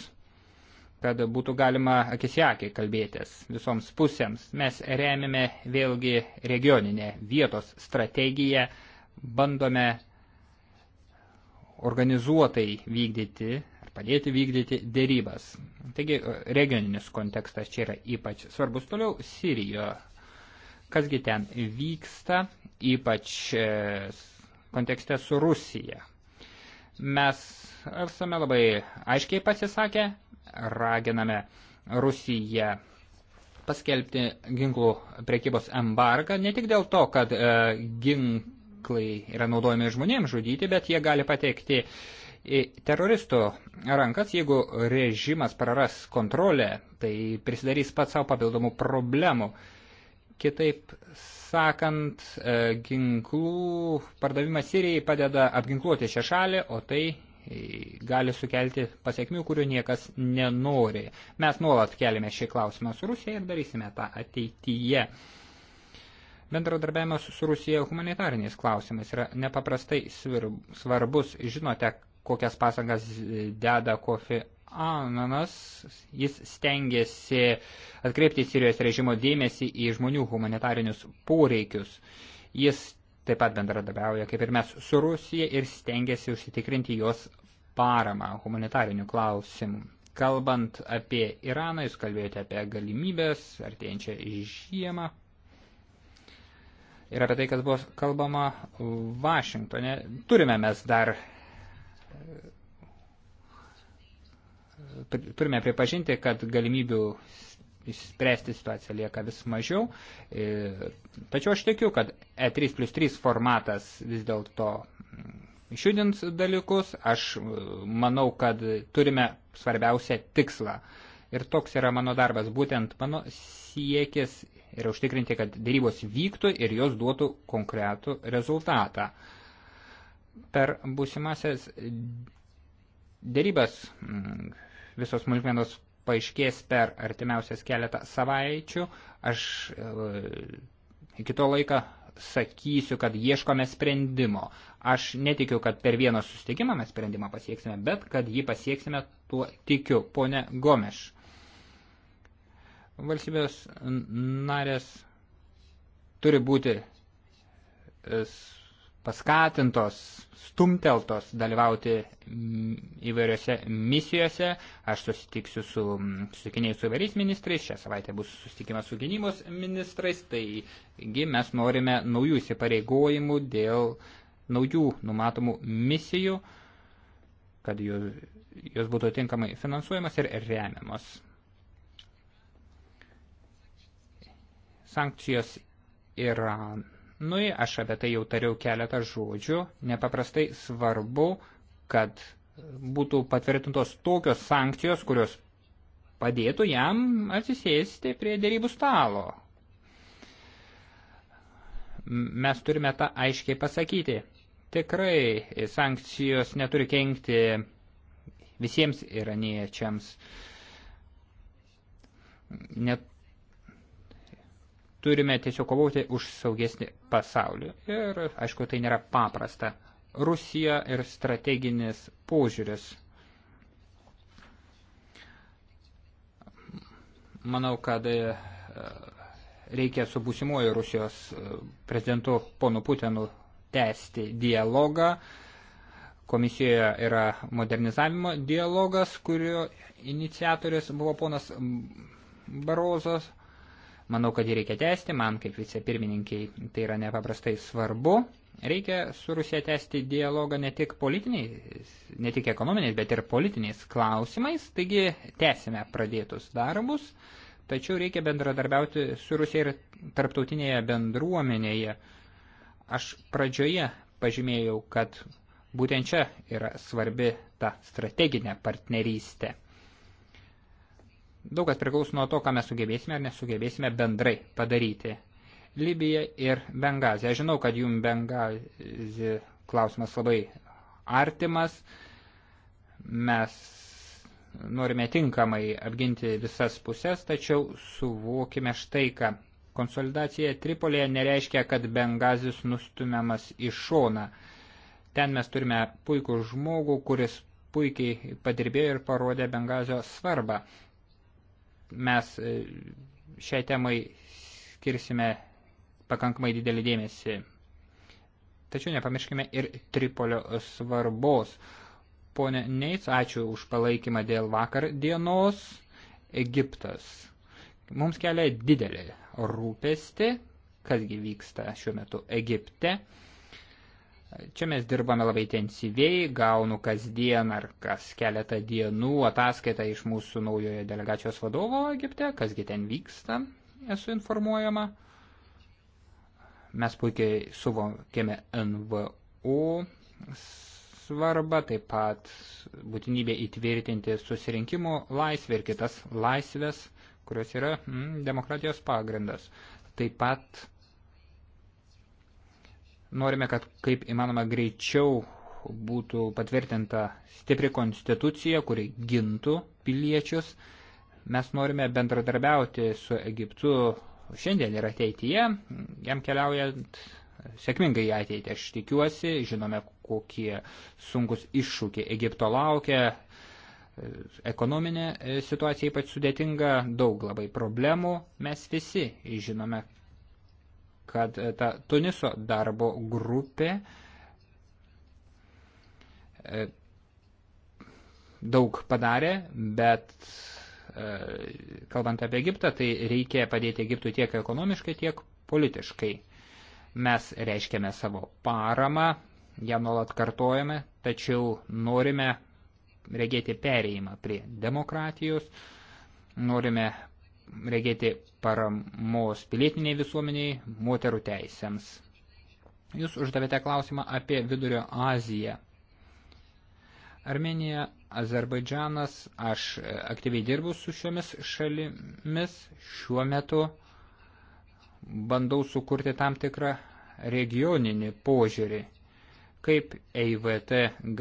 S2: kad būtų galima akis į akį kalbėtis visoms pusėms. Mes remime vėlgi regioninę vietos strategiją bandome organizuotai vykdyti ar padėti vykdyti dėrybas. Taigi e, regioninis kontekstas čia yra ypač svarbus. Toliau Sirijoje. Kasgi ten vyksta, ypač e, kontekste su Rusija. Mes esame labai aiškiai pasisakę, raginame Rusiją paskelbti ginklų prekybos embargą, ne tik dėl to, kad e, gink ginklai yra naudojami žmonėms žudyti, bet jie gali patekti į teroristų rankas, jeigu režimas praras kontrolę, tai prisidarys pats savo papildomų problemų. Kitaip sakant, e, ginklų pardavimas Sirijai padeda apginkluoti šią šalį, o tai e, gali sukelti pasiekmių, kurių niekas nenori. Mes nuolat keliame šį klausimą su Rusija ir darysime tą ateityje. Bendradarbiavimas su Rusija humanitariniais klausimais yra nepaprastai svarbus. Žinote, kokias pasangas deda Kofi Ananas. Jis stengiasi atkreipti Sirijos režimo dėmesį į žmonių humanitarinius poreikius. Jis taip pat bendradarbiauja, kaip ir mes, su Rusija ir stengiasi užsitikrinti jos paramą humanitarinių klausimų. Kalbant apie Iraną, jūs kalbėjote apie galimybės, artėjančią žiemą, ir apie tai, kas buvo kalbama Vašingtonė. Turime mes dar, e, turime pripažinti, kad galimybių išspręsti situaciją lieka vis mažiau. E, tačiau aš tikiu, kad E3 plus 3 formatas vis dėlto mm, išjudins dalykus. Aš e, manau, kad turime svarbiausią tikslą. Ir toks yra mano darbas. Būtent mano siekis ir užtikrinti, kad dėrybos vyktų ir jos duotų konkretų rezultatą. Per būsimasias dėrybas mm, visos smulkmenos paaiškės per artimiausias keletą savaičių. Aš e, iki to laiką sakysiu, kad ieškome sprendimo. Aš netikiu, kad per vieną susitikimą mes sprendimą pasieksime, bet kad jį pasieksime, tuo tikiu, ponė Gomeš. Valstybės narės turi būti e, paskatintos, stumteltos dalyvauti įvairiose misijose. Aš susitiksiu su susitikiniais su įvairiais ministrais, šią savaitę bus susitikimas su gynybos ministrais, taigi mes norime naujų įsipareigojimų dėl naujų numatomų misijų, kad jos būtų tinkamai finansuojamas ir remiamas. Sankcijos Iranui, aš apie tai jau tariau keletą žodžių, nepaprastai svarbu, kad būtų patvirtintos tokios sankcijos, kurios padėtų jam atsisėsti prie dėrybų stalo. Mes turime tą aiškiai pasakyti. Tikrai sankcijos neturi kenkti visiems iraniečiams. Net turime tiesiog kovoti už saugesnį pasaulį. Ir, aišku, tai nėra paprasta. Rusija ir strateginis požiūris. Manau, kad e, reikia su būsimuoju Rusijos e, prezidentu ponu Putinu tęsti dialogą. Komisijoje yra modernizavimo dialogas, kurio iniciatorius buvo ponas Barozas. Manau, kad jį reikia tęsti, man kaip vicepirmininkiai tai yra nepaprastai svarbu. Reikia su Rusija tęsti dialogą ne tik politiniais, ne tik ekonominiais, bet ir politiniais klausimais, taigi tęsime pradėtus darbus, tačiau reikia bendradarbiauti su Rusija ir tarptautinėje bendruomenėje. Aš pradžioje pažymėjau, kad būtent čia yra svarbi ta strateginė partnerystė. Daug kas priklauso nuo to, ką mes sugebėsime ar nesugebėsime bendrai padaryti. Libija ir Bengazija. Aš žinau, kad jums Bengazi klausimas labai artimas. Mes norime tinkamai apginti visas pusės, tačiau suvokime štai ką. Konsolidacija Tripolėje nereiškia, kad Bengazis nustumiamas į šoną. Ten mes turime puikų žmogų, kuris puikiai padirbėjo ir parodė Bengazio svarbą mes e, šiai temai skirsime pakankamai didelį dėmesį. Tačiau nepamirškime ir Tripolio svarbos. Pone Neits, ačiū už palaikymą dėl vakar dienos. Egiptas. Mums kelia didelį rūpestį, kasgi vyksta šiuo metu Egipte. Čia mes dirbame labai intensyviai, gaunu kasdien ar kas keletą dienų ataskaitą iš mūsų naujojo delegacijos vadovo Egipte, kasgi ten vyksta, esu informuojama. Mes puikiai suvokėme NVO svarbą, taip pat būtinybė įtvirtinti susirinkimų laisvę ir kitas laisvės, kurios yra mm, demokratijos pagrindas. Taip pat Norime, kad kaip įmanoma greičiau būtų patvirtinta stipri konstitucija, kuri gintų piliečius. Mes norime bendradarbiauti su Egiptu šiandien ir ateityje, jam keliaujant sėkmingai į ateitį, aš tikiuosi, žinome, kokie sunkus iššūkiai Egipto laukia, ekonominė situacija ypač sudėtinga, daug labai problemų, mes visi žinome, kad e, ta Tuniso darbo grupė e, daug padarė, bet e, kalbant apie Egiptą, tai reikia padėti Egiptui tiek ekonomiškai, tiek politiškai. Mes reiškiame savo paramą, ją nuolat kartojame, tačiau norime regėti pereimą prie demokratijos, norime regėti paramos pilietiniai visuomeniai, moterų teisėms. Jūs uždavėte klausimą apie Vidurio Aziją. Armenija, Azerbaidžanas, aš e, aktyviai dirbu su šiomis šalimis šiuo metu bandau sukurti tam tikrą regioninį požiūrį, kaip EIVT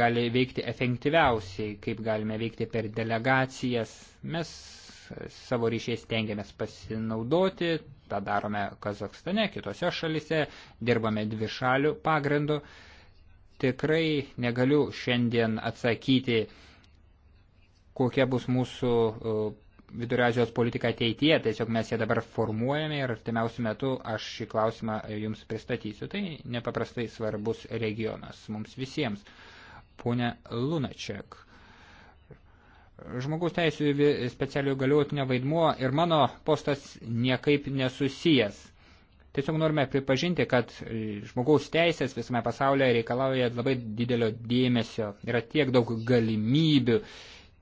S2: gali veikti efektyviausiai, kaip galime veikti per delegacijas. Mes savo ryšiais tengiamės pasinaudoti, tą darome Kazakstane, kitose šalise, dirbame dvi šalių pagrindu. Tikrai negaliu šiandien atsakyti, kokia bus mūsų e, Vidurio Azijos politika ateityje, tiesiog mes ją dabar formuojame ir artimiausių metų aš šį klausimą jums pristatysiu. Tai nepaprastai svarbus regionas mums visiems. Pone Lunačiak, Žmogus teisų specialiojo galiotinio vaidmuo ir mano postas niekaip nesusijęs. Tiesiog norime pripažinti, kad e, žmogaus teisės visame pasaulyje reikalauja labai didelio dėmesio. Yra tiek daug galimybių,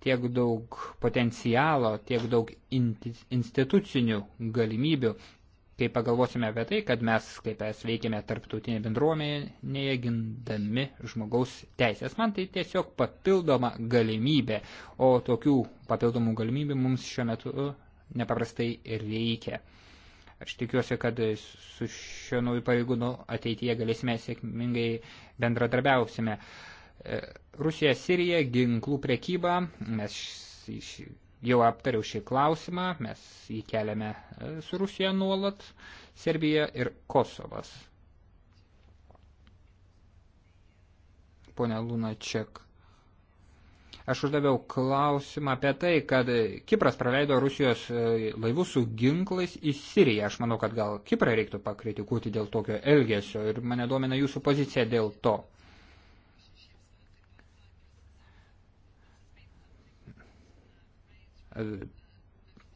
S2: tiek daug potencialo, tiek daug institucinių galimybių kai pagalvosime apie tai, kad mes kaip es veikiame tarptautinė bendruomenėje gindami žmogaus teisės. Man tai tiesiog papildoma galimybė, o tokių papildomų galimybių mums šiuo metu uh, nepaprastai reikia. Aš tikiuosi, kad su šiuo nauju pareigūnu ateityje galėsime sėkmingai bendradarbiausime. Uh, Rusija, Sirija, ginklų prekyba, mes jau aptariau šį klausimą, mes jį keliame e, su Rusija nuolat, Serbija ir Kosovas. Pone Lunaček, aš uždaviau klausimą apie tai, kad Kipras praleido Rusijos e, laivus su ginklais į Siriją. Aš manau, kad gal Kiprą reiktų pakritikuoti dėl tokio elgesio ir mane domina jūsų pozicija dėl to. E,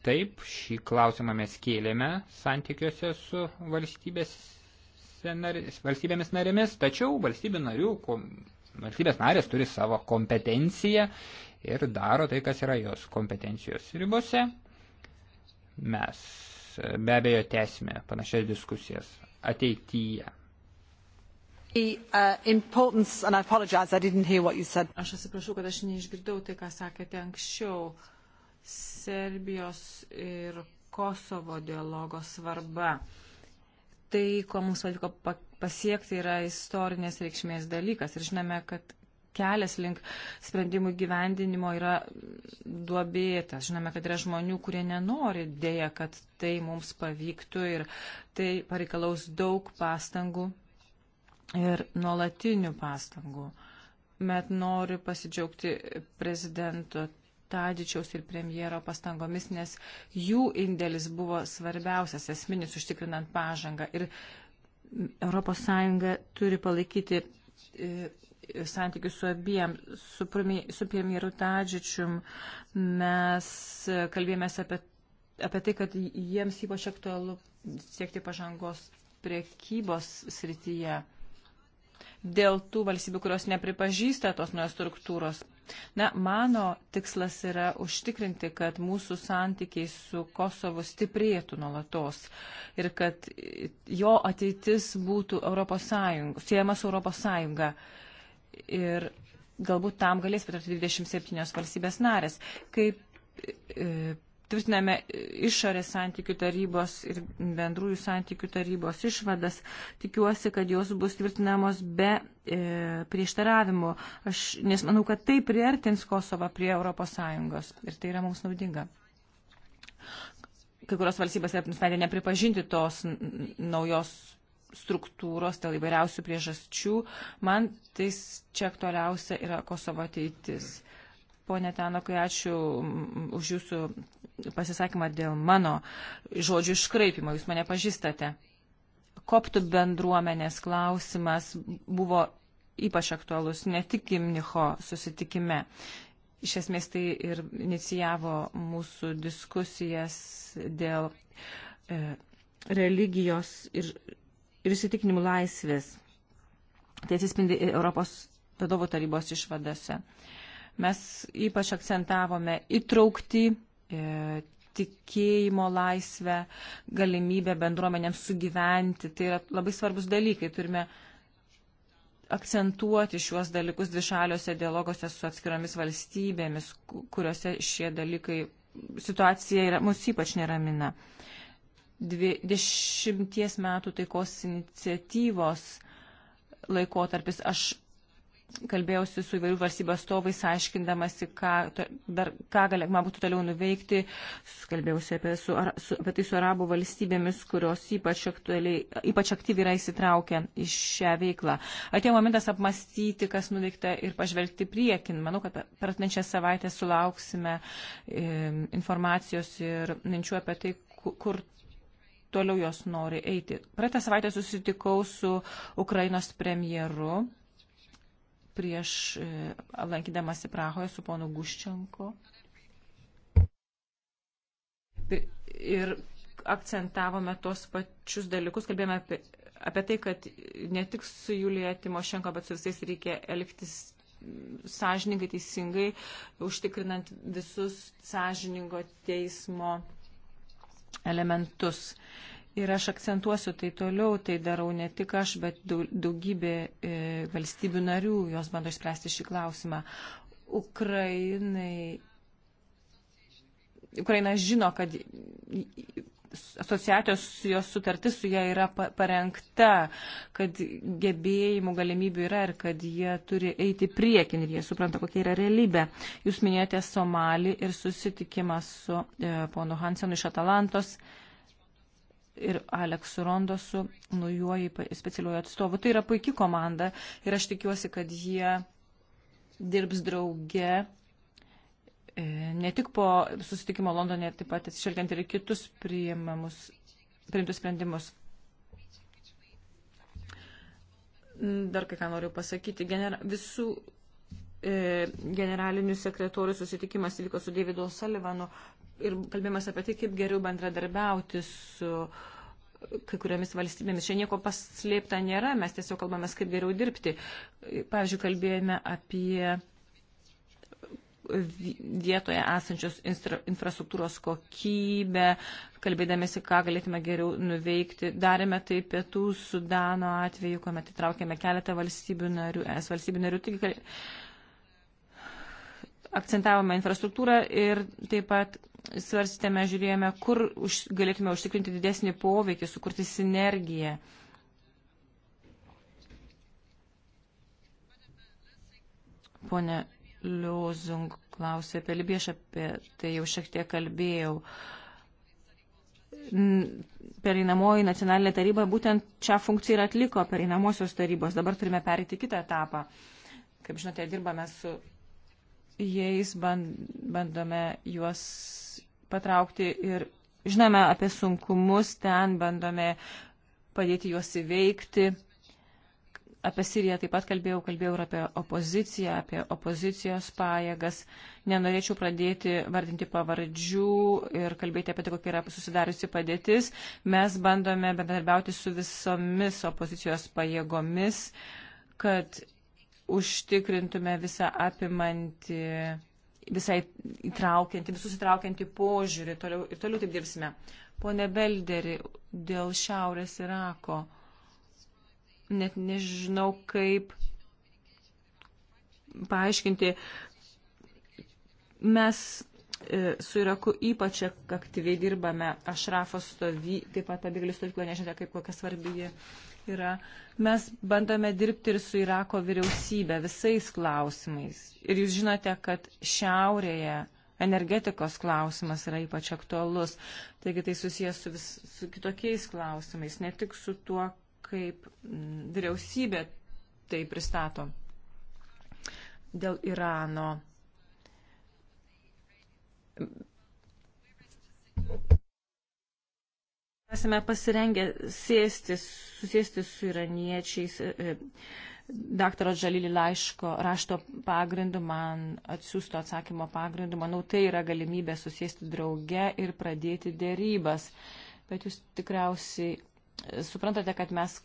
S2: taip, šį klausimą mes kėlėme santykiuose su valstybės, valstybėmis narėmis, tačiau valstybių narių, valstybės narės turi savo kompetenciją ir daro tai, kas yra jos kompetencijos ribose. Mes e, be abejo tęsime panašias diskusijas ateityje.
S1: Uh, aš atsiprašau, kad aš neišgirdau tai, ką sakėte anksčiau. Uh, Serbijos ir Kosovo dialogo svarba. Tai, ko mums pavyko pasiekti, yra istorinės reikšmės dalykas. Ir žinome, kad kelias link sprendimų gyvendinimo yra duobėtas. Žinome, kad yra žmonių, kurie nenori dėja, kad tai mums pavyktų ir tai pareikalaus daug pastangų ir nuolatinių pastangų. Bet noriu pasidžiaugti prezidento Tadičiaus ir premjero pastangomis, nes jų indėlis buvo svarbiausias esminis užtikrinant pažangą. Ir ES turi palaikyti e, santykius su abiem, su, su premjeru Tadžičium. Mes kalbėjomės apie, apie tai, kad jiems ypač aktualu siekti pažangos priekybos srityje dėl tų valstybių, kurios nepripažįsta tos naujos struktūros. Na, mano tikslas yra užtikrinti, kad mūsų santykiai su Kosovu stiprėtų nuolatos ir kad jo ateitis būtų Europos Sąjungos, siejama su Europos Sąjunga. Ir galbūt tam galės pritarti 27 valstybės narės. Kaip e, tvirtiname išorės santykių tarybos ir bendrųjų santykių tarybos išvadas. Tikiuosi, kad jos bus tvirtinamos be e, prieštaravimo, Aš, nes manau, kad tai priartins Kosovą prie ES ir tai yra mums naudinga. Kai kurios valstybės nusprendė nepripažinti tos naujos struktūros dėl tai įvairiausių priežasčių. Man tai čia aktualiausia yra Kosovo ateitis. Pone Tanokai, ačiū už jūsų pasisakymą dėl mano žodžių iškraipimo. Jūs mane pažįstate. Koptų bendruomenės klausimas buvo ypač aktualus ne tik Gimnicho susitikime. Iš esmės tai ir inicijavo mūsų diskusijas dėl e, religijos ir, ir įsitikinimų laisvės. Tai atsispindi Europos vadovų tarybos išvadose. E, Mes ypač akcentavome įtraukti e, tikėjimo laisvę, galimybę bendruomenėms sugyventi. Tai yra labai svarbus dalykai. Turime akcentuoti šiuos dalykus dvišaliuose dialoguose su atskiromis valstybėmis, kuriuose šie dalykai situacija yra, mus ypač neramina. Dvidešimties metų taikos iniciatyvos laikotarpis aš kalbėjausi su įvairių valstybių atstovais, aiškindamasi, ką, dar, ką galima būtų toliau nuveikti. Kalbėjausi apie, su, su, apie tai su arabų valstybėmis, kurios ypač, aktualiai, ypač aktyviai yra įsitraukę į šią veiklą. Atėjo momentas apmastyti, kas nuveikta ir pažvelgti priekin. Manau, kad per atnečią savaitę sulauksime e, informacijos ir minčių apie tai, kur toliau jos nori eiti. Praeitą savaitę susitikau su Ukrainos premjeru prieš e, lankydamasi Prahoje su ponu Guščenko. Ir akcentavome tos pačius dalykus, kalbėjome apie, apie tai, kad ne tik su Julija Timošenko, bet su visais reikia elgtis sąžiningai, teisingai, užtikrinant visus sąžiningo teismo elementus. Ir aš akcentuosiu tai toliau, tai darau ne tik aš, bet daugybė e, valstybių narių, jos bando išspręsti šį klausimą. Ukrainai. Ukraina žino, kad asociacijos jos sutartis su ją yra parengta, kad gebėjimų galimybių yra ir kad jie turi eiti priekin ir jie supranta, kokia yra realybė. Jūs minėjote Somalį ir susitikimą su e, ponu Hansenu iš Atalantos. E, ir Aleksu Rondosu, naujuoju specialiuoju atstovu. Tai yra puikia komanda ir aš tikiuosi, kad jie dirbs drauge e, ne tik po susitikimo Londone, taip pat atsižvelgiant ir kitus priimtus sprendimus. Dar kai ką noriu pasakyti. Genera visų e, generalinių sekretorių susitikimas įvyko su Davidu Salivanu ir kalbėjimas apie tai, kaip geriau bendradarbiauti su kai kuriamis valstybėmis. Čia nieko paslėpta nėra, mes tiesiog kalbame, kaip geriau dirbti. Pavyzdžiui, kalbėjome apie vietoje esančios infrastruktūros kokybę, kalbėdamėsi, ką galėtume geriau nuveikti. Darėme tai pietų Sudano atveju, kuomet įtraukėme keletą valstybių narių, es valstybių narių. Taigi, akcentavome infrastruktūrą ir taip pat svarstėme, žiūrėjome, kur už, galėtume užtikrinti didesnį poveikį, sukurti sinergiją. Pone Liozung klausė apie Libiją, aš apie tai jau šiek tiek kalbėjau. Pereinamoji nacionalinė taryba būtent čia funkciją ir atliko pereinamosios tarybos. Dabar turime perėti kitą etapą. Kaip žinote, dirbame su jais bandome juos patraukti ir žinome apie sunkumus ten, bandome padėti juos įveikti. Apie Siriją taip pat kalbėjau, kalbėjau ir apie opoziciją, apie opozicijos pajėgas. Nenorėčiau pradėti vardinti pavardžių ir kalbėti apie tai, kokia yra susidariusi padėtis. Mes bandome bendradarbiauti su visomis opozicijos pajėgomis, kad užtikrintume visą apimantį, visai įtraukiantį, visus įtraukiantį požiūrį toliau, ir toliau taip dirbsime. Pone Belderi, dėl Šiaurės Irako, net nežinau kaip paaiškinti, mes e, su Iraku ypač aktyviai dirbame, Ašrafo stovy, taip pat pabėgėlių stovykloje, nežinote, kaip kokia svarbi ji yra, mes bandome dirbti ir su Irako vyriausybė visais klausimais. Ir jūs žinote, kad šiaurėje energetikos klausimas yra ypač aktualus. Taigi tai susijęs su, vis, su kitokiais klausimais, ne tik su tuo, kaip mm, vyriausybė tai pristato. Dėl Irano esame pasirengę sėstis, susėsti su iraniečiais. E, e, Dr. Žalilį laiško rašto pagrindu, man atsiųsto atsakymo pagrindu, manau, tai yra galimybė susėsti drauge ir pradėti dėrybas. Bet jūs tikriausiai e, suprantate, kad mes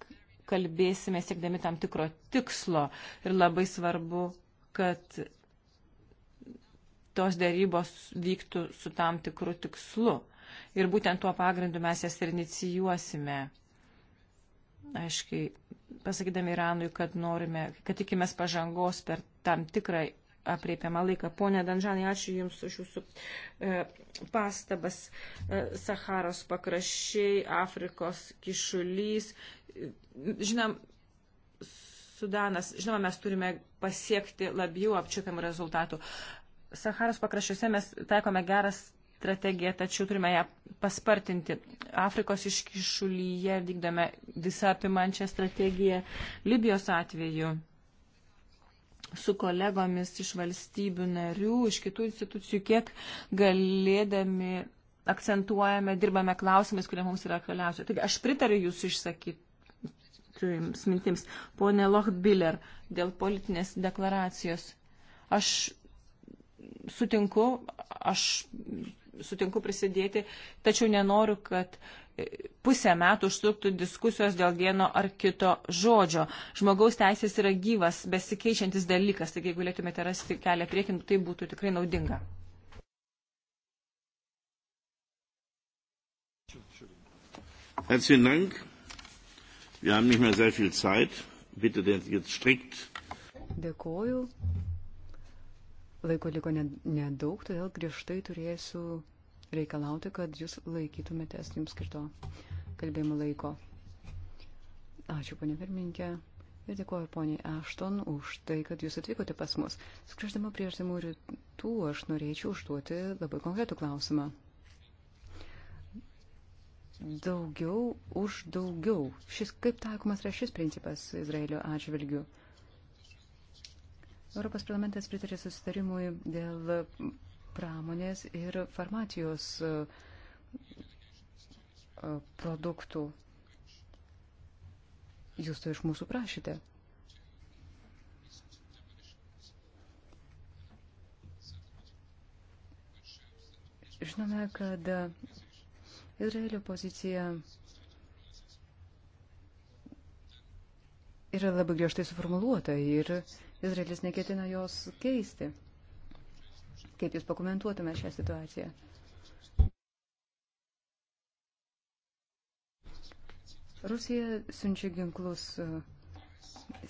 S1: kalbėsime siekdami tam tikro tikslo ir labai svarbu, kad tos dėrybos vyktų su tam tikru tikslu ir būtent tuo pagrindu mes jas ir inicijuosime. Aiškiai, pasakydami Iranui, kad norime, kad tikimės pažangos per tam tikrą apriepiamą laiką. Pone Danžanai, ačiū Jums už Jūsų e, pastabas. E, Saharos pakraščiai, Afrikos kišulys. Žinom, Sudanas, žinoma, mes turime pasiekti labiau apčiopiamų rezultatų. Saharos pakraščiuose mes taikome geras strategiją, tačiau turime ją paspartinti. Afrikos iškišulyje vykdome visą apimančią strategiją Libijos atveju su kolegomis iš valstybių narių, iš kitų institucijų, kiek galėdami akcentuojame, dirbame klausimais, kurie mums yra aktualiausia. Taigi aš pritariu jūsų išsakytiems mintims. Pone Lochbiller, dėl politinės deklaracijos. Aš sutinku, aš sutinku prisidėti, tačiau nenoriu, kad e, pusę metų užtruktų diskusijos dėl vieno ar kito žodžio. Žmogaus teisės yra gyvas, besikeičiantis dalykas, taigi jeigu galėtumėte rasti kelią priekin, tai būtų tikrai naudinga.
S3: Herzlichen Dank. Wir haben nicht mehr sehr viel Zeit. Bitte jetzt strikt. Dėkoju. Laiko liko nedaug, todėl griežtai turėsiu reikalauti, kad jūs laikytumėtės jums skirto kalbėjimo laiko. Ačiū, ponė pirmininkė. Ir dėkoju poniai Ashton už tai, kad jūs atvykote pas mus. Skrįždama prie artimų rytų, aš norėčiau užduoti labai konkretų klausimą. Daugiau už daugiau. Šis, kaip taikomas yra šis principas Izraelio atžvilgiu? Europos parlamentas pritarė susitarimui dėl pramonės ir farmacijos e, e, produktų. Jūs to iš mūsų prašyte. Žinome, kad Izraelio pozicija yra labai griežtai suformuluota ir Izraelis neketina jos keisti. Kaip Jūs pakomentuotume šią situaciją? Rusija siunčia ginklus e,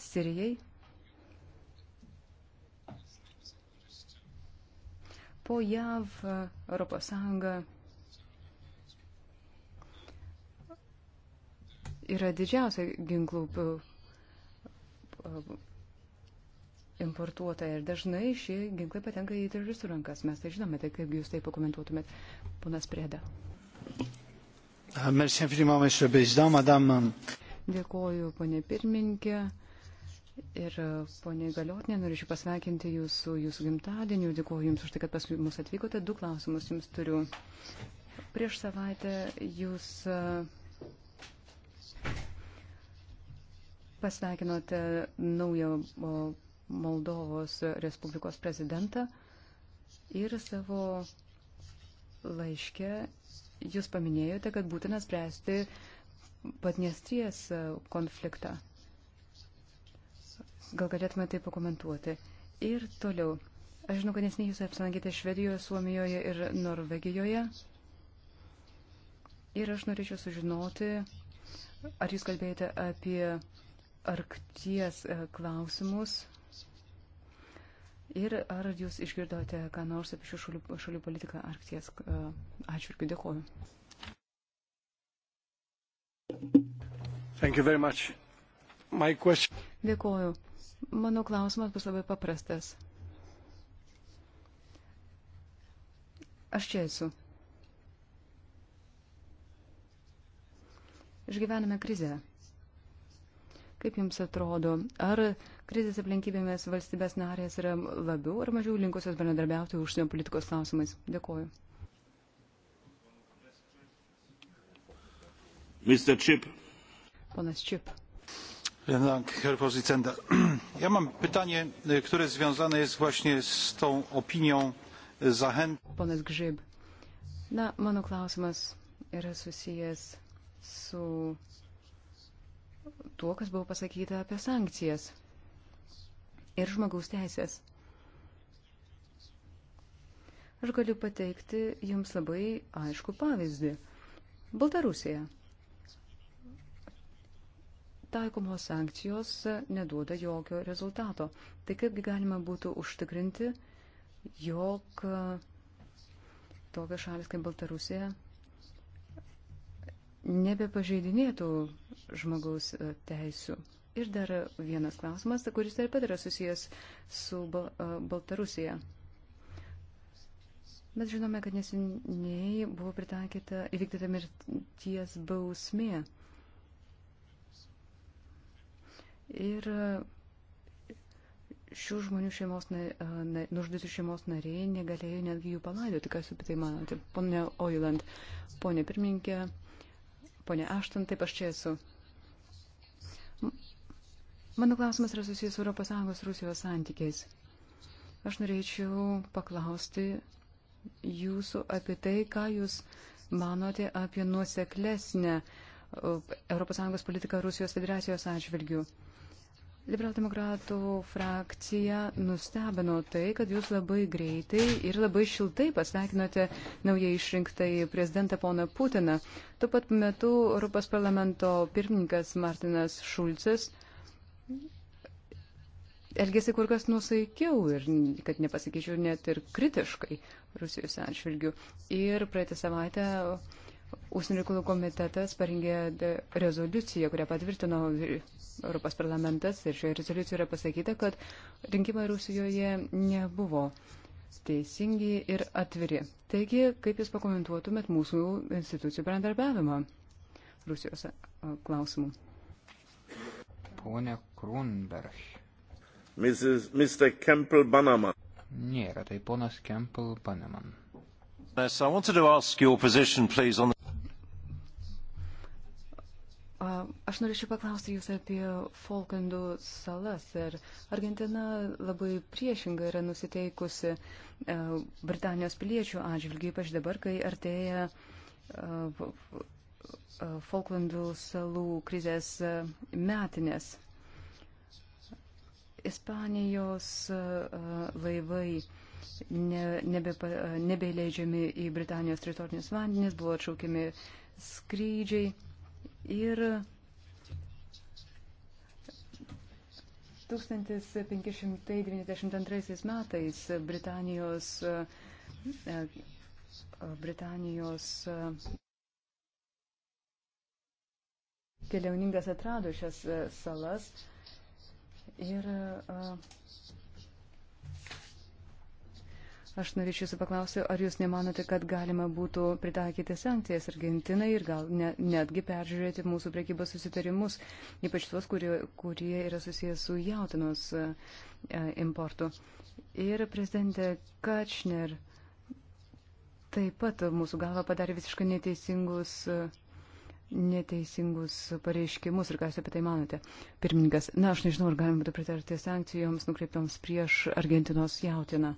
S3: Sirijai. Po JAV e, Europos Sąjunga yra didžiausia ginklų importuota ir dažnai šie ginklai patenka į teroristų rankas. Mes tai žinome, tai kaip jūs tai pakomentuotumėt, ponas Prėda. Ah, euh, Dėkuoju, ponė pirmininkė. Ir euh, ponė Galiotinė, norėčiau pasveikinti jūsų, jūsų gimtadienį. Dėkuoju Jums už tai, kad pas mus atvykote. Du klausimus Jums turiu. Prieš savaitę Jūs euh, pasveikinote naują Moldovos Respublikos prezidentą ir savo laiške jūs paminėjote, kad būtina spręsti Padniestries konfliktą. Gal galėtume tai pakomentuoti. Ir toliau. Aš žinau, kad nesiniai jūs apsilankėte Švedijoje, Suomijoje ir Norvegijoje. Ir aš norėčiau sužinoti, ar jūs kalbėjote apie arkties e, klausimus Ir ar jūs išgirdote ką nors apie šių šalių, šalių politiką Arkties e, atšvirkių? Dėkoju. Dėkoju. Mano klausimas bus labai paprastas. Aš čia esu. Išgyvename krizę. Kaip jums atrodo, ar uh, krizės aplinkybėmis valstybės narės yra labiau ar mažiau linkusios bendradarbiauti užsienio politikos klausimais. Dėkuoju. Mr. Chip. Ponas Chip.
S1: Herr Präsident. Ja mam pytanie, które związane jest właśnie z tą opinią
S3: zachętą. Ponas Grzyb. Na, mano klausimas yra susijęs su tuo, kas buvo pasakyta apie sankcijas ir žmogaus teisės. Aš galiu pateikti jums labai aišku pavyzdį. Baltarusija. Taikomos sankcijos neduoda jokio rezultato. Tai kaipgi galima būtų užtikrinti, jog tokios šalis kaip Baltarusija nebepažeidinėtų žmogaus e, teisų. Ir dar vienas klausimas, kuris taip pat yra susijęs su Baltarusija. Mes žinome, kad nesiniai buvo pritaikyta įvykdyta mirties bausmė. Ir šių žmonių šeimos, nužudytų šeimos nariai negalėjo netgi jų palaidoti. Kas apie tai manote? Pone Oiland, ponė pirmininkė, ponė Aštan, taip aš čia esu. Mano klausimas yra susijęs su ES Rusijos santykiais. Aš norėčiau paklausti jūsų apie tai, ką jūs manote apie nuoseklesnę ES politiką Rusijos federacijos atžvilgių. Liberaldemokratų frakcija nustebino tai, kad jūs labai greitai ir labai šiltai pasveikinote naujai išrinktai prezidentą poną Putiną. Tuo pat metu Europos parlamento pirmininkas Martinas Šulcas elgėsi kur kas nusaikiau ir, kad nepasakyčiau, net ir kritiškai Rusijos atšvilgių. Ir praeitą savaitę Užsienio reikalų komitetas parengė rezoliuciją, kurią patvirtino Europos parlamentas ir šioje rezoliucijoje yra pasakyta, kad rinkimai Rusijoje nebuvo teisingi ir atviri. Taigi, kaip Jūs pakomentuotumėt mūsų institucijų bendarbiavimą Rusijos klausimų? Pone Krunberg. Mrs, Mr. Campbell Bannerman.
S2: Nėra, tai ponas Campbell Bannerman. Yes, I wanted to ask your position, please, on the...
S3: Aš norėčiau paklausti Jūs apie Falklandų salas. Ar Argentina labai priešingai yra nusiteikusi e, Britanijos piliečių atžvilgių, ypač dabar, kai artėja e, e, Falklandų salų krizės metinės? Ispanijos e, laivai nebeįleidžiami nebe e, į Britanijos teritorinius vandenis, buvo atšaukiami skrydžiai ir 1592 metais Britanijos, e, Britanijos keliauninkas atrado šias salas Ir aš norėčiau jūsų paklausti, ar jūs nemanote, kad galima būtų pritaikyti sankcijas Argentinai ir gal ne, netgi peržiūrėti mūsų priekybos susitarimus, ypač tuos, kurie, kurie yra susijęs su jautinos importu. Ir prezidentė Kačner taip pat mūsų galva padarė visiškai neteisingus. Uh, neteisingus pareiškimus ir ką jūs apie tai manote. Pirmininkas, na, aš nežinau, ar galima būtų pritarti sankcijoms nukreiptoms prieš Argentinos jautiną.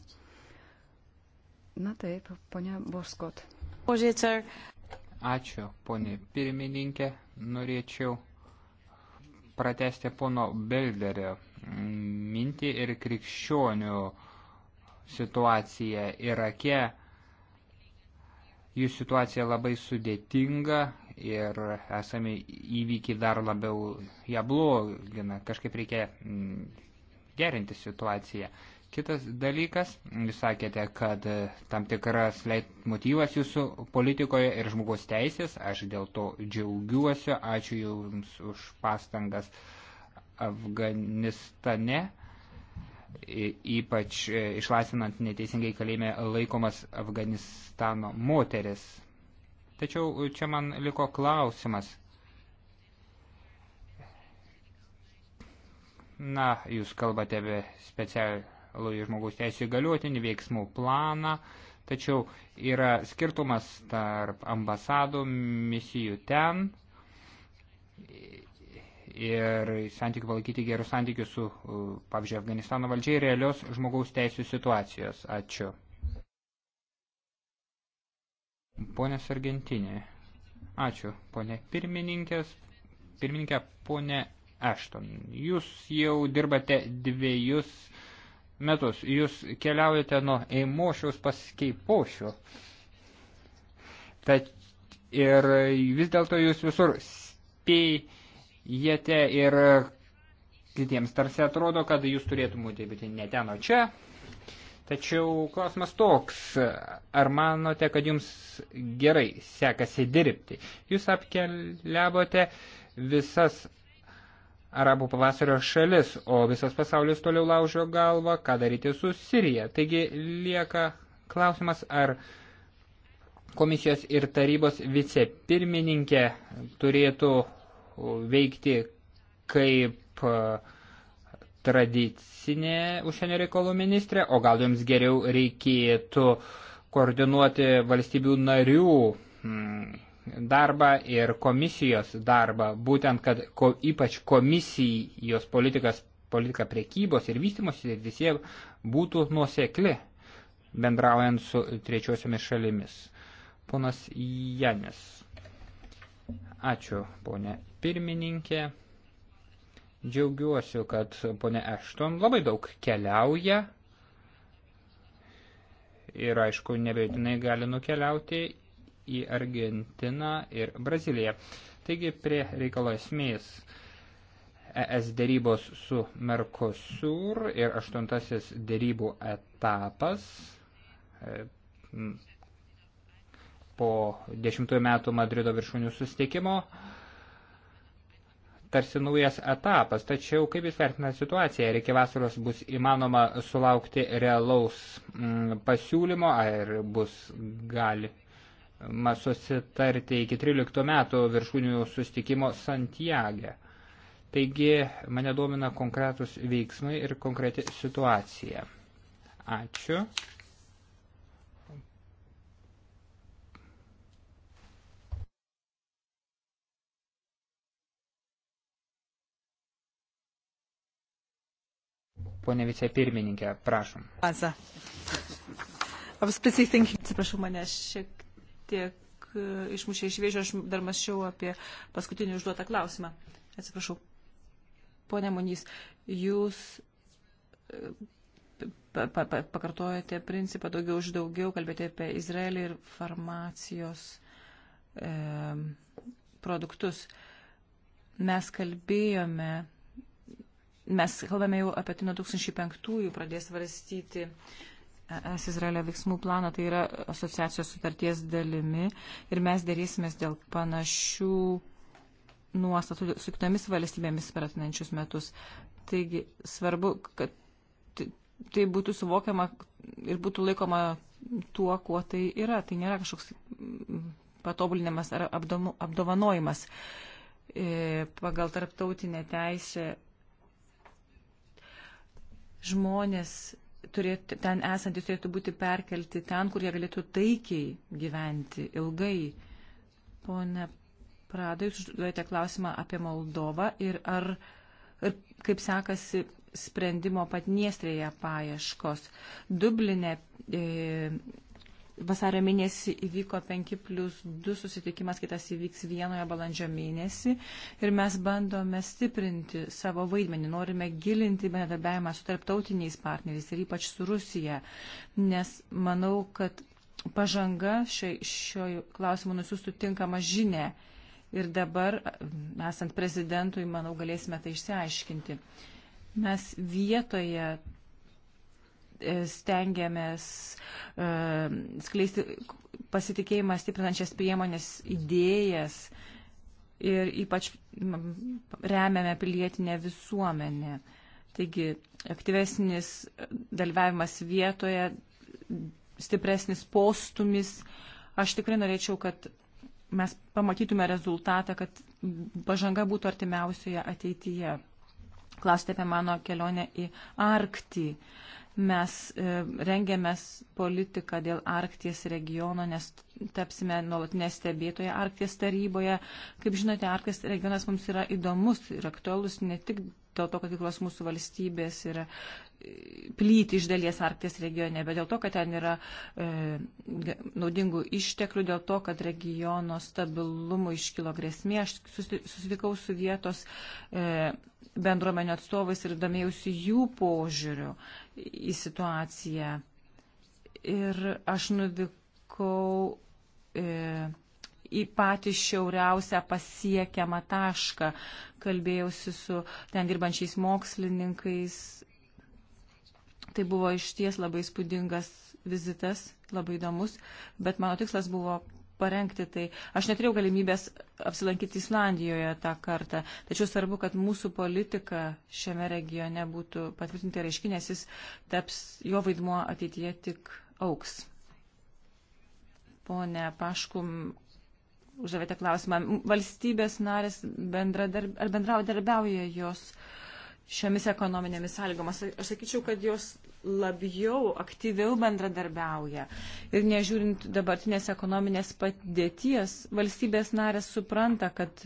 S3: Na taip, ponia Boskot. Ačiū,
S2: ponė pirmininkė. Norėčiau pratesti pono Belderio mintį ir krikščionių situaciją Irake. Jų situacija labai sudėtinga, ir esami įvykiai dar labiau ją blogina. Kažkaip reikia mm, gerinti situaciją. Kitas dalykas, jūs sakėte, kad e, tam tikras motyvas jūsų politikoje ir žmogaus teisės, aš dėl to džiaugiuosi, ačiū Jums už pastangas Afganistane, ypač e, išlaisvinant neteisingai kalėjime laikomas Afganistano moteris. Tačiau e, čia man liko klausimas. Na, jūs kalbate apie specialų žmogaus teisų įgaliuotinį veiksmų planą, tačiau yra skirtumas tarp ambasadų, misijų ten ir santykių palaikyti gerus santykius su, e, pavyzdžiui, Afganistano valdžiai realios žmogaus teisų situacijos. Ačiū. Pone Sargentinė, ačiū, ponė pirmininkės, pirmininkė, ponė Ešton. Jūs jau dirbate dviejus metus, jūs keliaujate nuo Eimošiaus pas Keipošių. Tad ir vis dėlto jūs visur spėjate ir kitiems tarsi atrodo, kad jūs turėtumėte būti ne ten, o čia. Tačiau klausimas toks, ar manote, kad jums gerai sekasi dirbti? Jūs apkeliavote visas arabų pavasario šalis, o visas pasaulis toliau laužio galvą, ką daryti su Sirija. Taigi lieka klausimas, ar komisijos ir tarybos vicepirmininkė turėtų veikti kaip uh, tradicinė užsienio reikalų ministrė, o gal jums geriau reikėtų koordinuoti valstybių narių mm, darbą ir komisijos darbą, būtent kad ko, ypač komisijos politikas, politika priekybos ir vystimosi visie būtų nuosekli bendraujant su trečiosiomis šalimis. Ponas Janis. Ačiū, ponė pirmininkė. Džiaugiuosi, kad ponė Ešton labai daug keliauja ir, aišku, nebejotinai gali nukeliauti į Argentiną ir Braziliją. Taigi, prie reikalo esmės ES dėrybos su Mercosur ir aštuntasis dėrybų etapas e, po dešimtųjų metų Madrido viršūnių susitikimo tarsi naujas etapas, tačiau kaip jūs vertinate situaciją, ar iki vasaros bus įmanoma sulaukti realaus mm, pasiūlymo, ar bus gali ma susitarti iki 13 metų viršūnių sustikimo Santiagė. Taigi mane domina konkretus veiksmai ir konkreti situacija. Ačiū. Pone vicepirmininkė, prašom.
S3: Aza.
S1: Atsiprašau, mane šiek tiek e, išmušė iš vėžio, aš dar mašiau apie paskutinį užduotą klausimą. Atsiprašau. Pone Monys, jūs e, pa, pa, pa, pakartojate principą daugiau už daugiau, kalbėti apie Izraelį ir farmacijos e, produktus. Mes kalbėjome mes kalbame jau apie tai nuo 2005-ųjų pradės varstyti ES Izraelio veiksmų planą, tai yra asociacijos sutarties dalimi ir mes dėrėsimės dėl panašių nuostatų su kitomis valstybėmis per atinančius metus. Taigi svarbu, kad tai būtų suvokiama ir būtų laikoma tuo, kuo tai yra. Tai nėra kažkoks patobulinimas ar apdomu, apdovanojimas. E, pagal tarptautinę teisę žmonės turėtų, ten esantis turėtų būti perkelti ten, kur jie galėtų taikiai gyventi ilgai. Pone Pradai, jūs užduojate klausimą apie Moldovą ir ar ir kaip sekasi sprendimo patniestrėje paieškos. Dublinė e, Vasario mėnesį įvyko 5 plus 2 susitikimas, kitas įvyks vienoje balandžio mėnesį ir mes bandome stiprinti savo vaidmenį, norime gilinti bendradarbiavimą su tarptautiniais partneriais ir ypač su Rusija, nes manau, kad pažanga šio klausimu nusiųstų tinkamą žinę ir dabar, esant prezidentui, manau, galėsime tai išsiaiškinti. Mes vietoje E, stengiamės e, skleisti pasitikėjimą stiprinančias priemonės, idėjas ir ypač remiame pilietinę visuomenę. Taigi aktyvesnis dalyvavimas vietoje, stipresnis postumis. Aš tikrai norėčiau, kad mes pamatytume rezultatą, kad pažanga būtų artimiausioje ateityje. Klausite apie mano kelionę į Arktį mes e, rengiamės politiką dėl Arkties regiono, nes tapsime nuolatinė stebėtoja Arkties taryboje. Kaip žinote, Arkties regionas mums yra įdomus ir aktualus ne tik dėl to, kad kiekvienos mūsų valstybės yra e, plyti iš dalies Arkties regione, bet dėl to, kad ten yra e, naudingų išteklių, dėl to, kad regiono stabilumui iškilo grėsmė. Aš susitikau su vietos. E, bendruomenio atstovais ir domėjausi jų požiūriu į situaciją. Ir aš nuvykau e, į patį šiauriausią pasiekiamą tašką. Kalbėjausi su ten dirbančiais mokslininkais. Tai buvo iš ties labai spūdingas vizitas, labai įdomus, bet mano tikslas buvo parengti tai. Aš neturėjau galimybės apsilankyti Islandijoje tą kartą, tačiau svarbu, kad mūsų politika šiame regione būtų patvirtinti reiškia, nes jis taps, jo vaidmuo ateityje tik auks. Pone Paškum, užavėte klausimą. Valstybės narės bendradarb... bendradarbiauja jos uh, šiomis ekonominėmis sąlygomis. Aš sakyčiau, kad jos labiau, aktyviau bendradarbiauja. Ir nežiūrint dabartinės ekonominės padėties, valstybės narės supranta, kad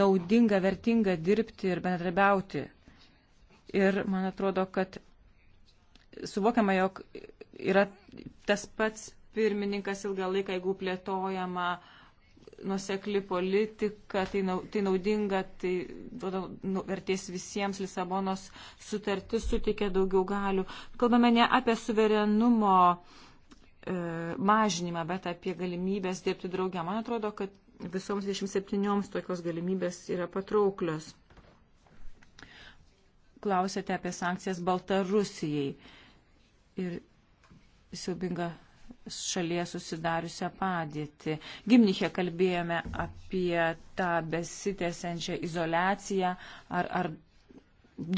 S1: naudinga, vertinga dirbti ir bendradarbiauti. Ir man atrodo, kad suvokiama, jog yra tas pats pirmininkas ilgą laiką, jeigu plėtojama uh, nusekli politika, tai, nau, tai naudinga, tai duoda nu, vertės visiems, Lisabonos sutartis suteikia daugiau galių. Kalbame ne apie suverenumo e, mažinimą, bet apie galimybės dirbti draugę. Man atrodo, kad visoms 27 tokios galimybės yra patrauklios. Klausėte apie sankcijas Baltarusijai ir siubinga šalyje susidariusią padėtį. Gimniche kalbėjome apie tą besitėsiančią izolaciją ar, ar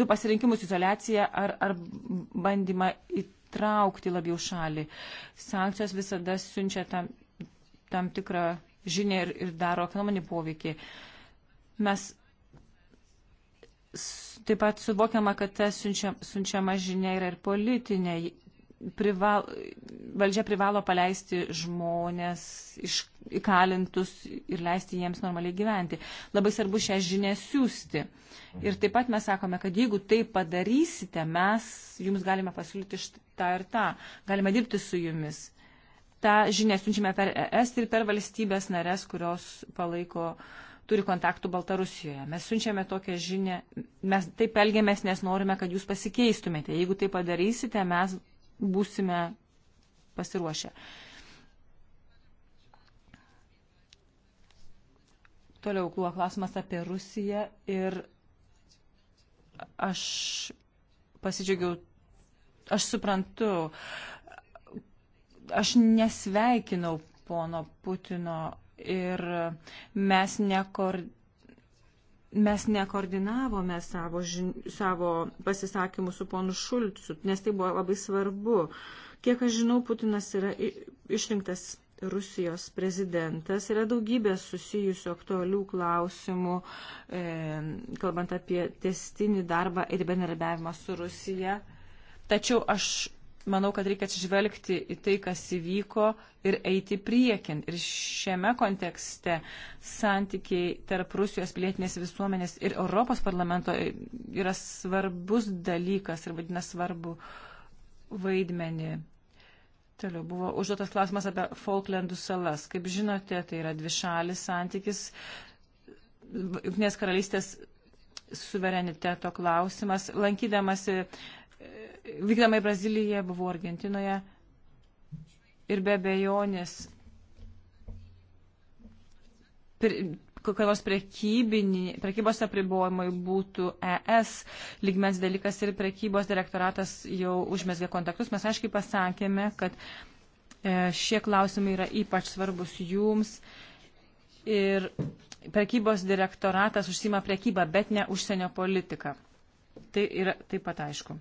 S1: du pasirinkimus izolaciją ar, ar bandymą įtraukti labiau šalį. Sankcijos visada siunčia tam, tam tikrą žinę ir, ir daro ekonominį poveikį. Mes taip pat suvokiama, kad ta siunčia, siunčiama žinia yra ir politinė, prival, valdžia privalo paleisti žmonės iš įkalintus ir leisti jiems normaliai gyventi. Labai svarbu šią žinę siūsti. Ir taip pat mes sakome, kad jeigu tai padarysite, mes jums galime pasiūlyti tą ir tą, galime dirbti su jumis. Ta žinia siunčiame per ES ir per valstybės narės, kurios palaiko turi kontaktų Baltarusijoje. Mes siunčiame tokią žinę, mes taip elgiamės, nes norime, kad jūs pasikeistumėte. Jeigu tai padarysite, mes būsime pasiruošę. Toliau kluo klausimas apie Rusiją ir aš pasidžiaugiau, aš suprantu, aš nesveikinau pono Putino ir mes nekoordinuojame mes nekoordinavome savo, žin, savo pasisakymų su ponu Šulcu, nes tai buvo labai svarbu. Kiek aš žinau, Putinas yra išrinktas Rusijos prezidentas. Yra daugybė susijusių aktualių klausimų, e, kalbant apie testinį darbą ir bendradarbiavimą su Rusija. Tačiau aš manau, kad reikia atsižvelgti į tai, kas įvyko ir eiti priekin. Ir šiame kontekste santykiai tarp Rusijos pilietinės visuomenės ir Europos parlamento yra svarbus dalykas ir vadina svarbu vaidmenį. Toliau buvo užduotas klausimas apie Falklandų salas. Kaip žinote, tai yra dvišalis santykis. Junknės karalystės suvereniteto klausimas. Lankydamasi vykdama į Braziliją, buvau Argentinoje ir be bejonės kokie nors prekybos apribojimai būtų ES lygmens dalykas ir prekybos direktoratas jau užmesgė kontaktus. Mes aiškiai pasakėme, kad e, šie klausimai yra ypač svarbus jums ir prekybos direktoratas užsima prekybą, bet ne užsienio politiką. Tai yra taip pat aišku.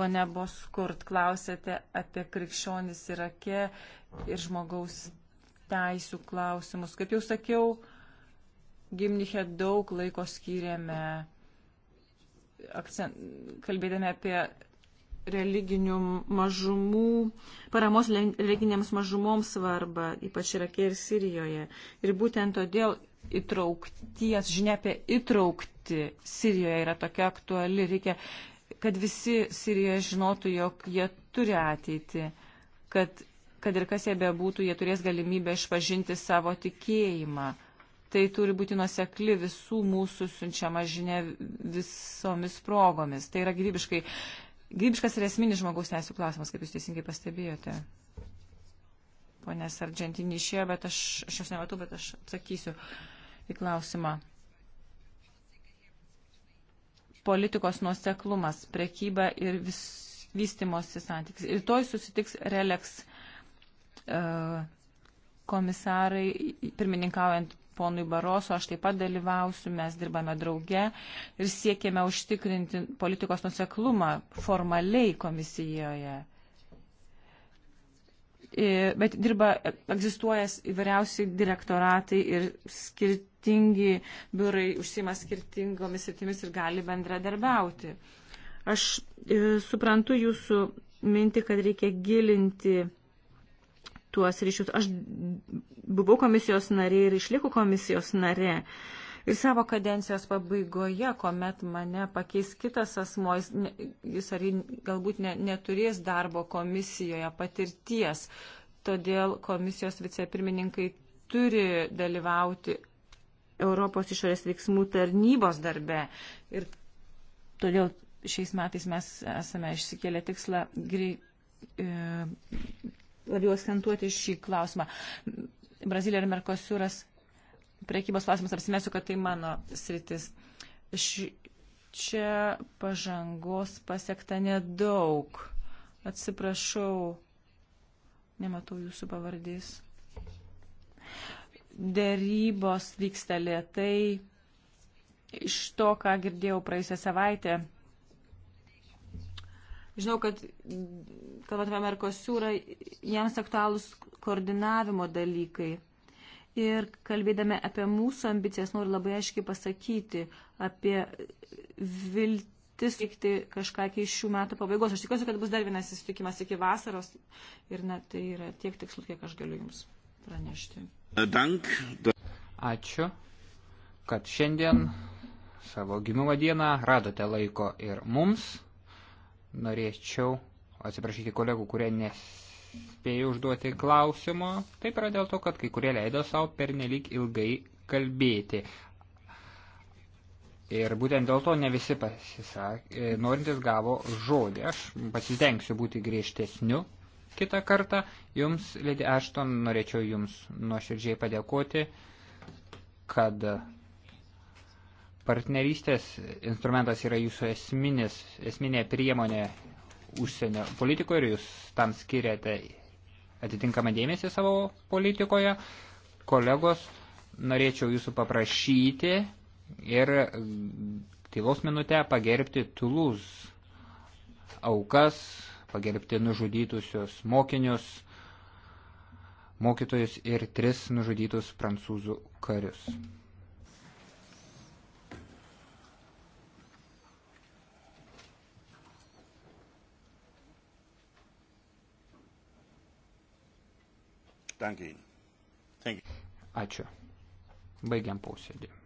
S1: Pone Boskurt, klausėte apie krikščionis Irake ir žmogaus teisų klausimus. Kaip jau sakiau, Gimniche daug laiko skyrėme akcent, kalbėdami apie religinių mažumų, paramos religinėms mažumoms svarbą, ypač Irake ir Sirijoje. Ir būtent todėl įtraukties, žinia apie įtraukti Sirijoje yra tokia aktuali, reikia kad visi Sirijoje žinotų, jog jie turi ateitį, kad, kad ir kas jie bebūtų, jie turės galimybę išpažinti savo tikėjimą. Tai turi būti nusekli visų mūsų siunčiama žinia visomis progomis. Tai yra gyvybiškai, gyvybiškas ir esminis žmogaus teisų klausimas, kaip jūs teisingai pastebėjote. Pone Sargentinį išėjo, bet aš, aš jos nematau, bet aš atsakysiu į klausimą politikos nuoseklumas, prekyba ir vis, vystimosi santykis. Rytoj susitiks Relex uh, komisarai, pirmininkaujant ponui Baroso, aš taip pat dalyvausiu, mes dirbame drauge ir siekėme užtikrinti politikos nuseklumą formaliai komisijoje. E, bet dirba, egzistuoja įvairiausi direktoratai ir skirtingi biurai užsima skirtingomis sritimis ir gali bendradarbiauti. Aš e, suprantu jūsų mintį, kad reikia gilinti tuos ryšius. Aš buvau komisijos narė ir išliku komisijos narė. Uh, Ir savo kadencijos pabaigoje, kuomet mane pakeis kitas asmo, jis, jis ar jis galbūt ne, neturės darbo komisijoje patirties. Todėl komisijos vicepirmininkai turi dalyvauti Europos išorės veiksmų tarnybos darbe. Ir todėl šiais metais mes esame išsikėlę tikslą grei, e, labiau akcentuoti šį klausimą. Brazilija ir Merkosuras priekybos klausimus apsimesiu, kad tai mano sritis. Ši, čia pažangos pasiekta nedaug. Atsiprašau, nematau jūsų pavardys. Dėrybos vyksta lietai. Iš to, ką girdėjau praėjusią savaitę, žinau, kad, kalbant apie Merkosiūrą, jiems aktualūs koordinavimo dalykai Ir kalbėdami apie mūsų ambicijas, noriu labai aiškiai pasakyti apie viltis veikti kažką iki šių metų pabaigos. Aš tikiuosi, kad bus dar vienas susitikimas iki vasaros ir na, tai yra tiek tikslų, kiek aš galiu Jums pranešti.
S3: Dank.
S2: Ačiū, kad šiandien savo gimimo dieną radote laiko ir mums. Norėčiau atsiprašyti kolegų, kurie nes spėjau užduoti klausimų. Taip yra dėl to, kad kai kurie leido savo pernelyg ilgai kalbėti. Ir būtent dėl to ne visi pasisakė, e, norintis gavo žodį. Aš pasistengsiu būti griežtesniu kitą kartą. Jums, Lady Ashton, norėčiau Jums nuoširdžiai padėkoti, kad partnerystės instrumentas yra Jūsų esminis, esminė priemonė užsienio politikoje ir jūs tam skiriate atitinkamą dėmesį savo politikoje. Kolegos, norėčiau jūsų paprašyti ir tylos minutę pagerbti Tulūz aukas, pagerbti nužudytusius mokinius, mokytojus ir tris nužudytus prancūzų karius. Danke Ihnen. Ačiū. Baigiam posėdį.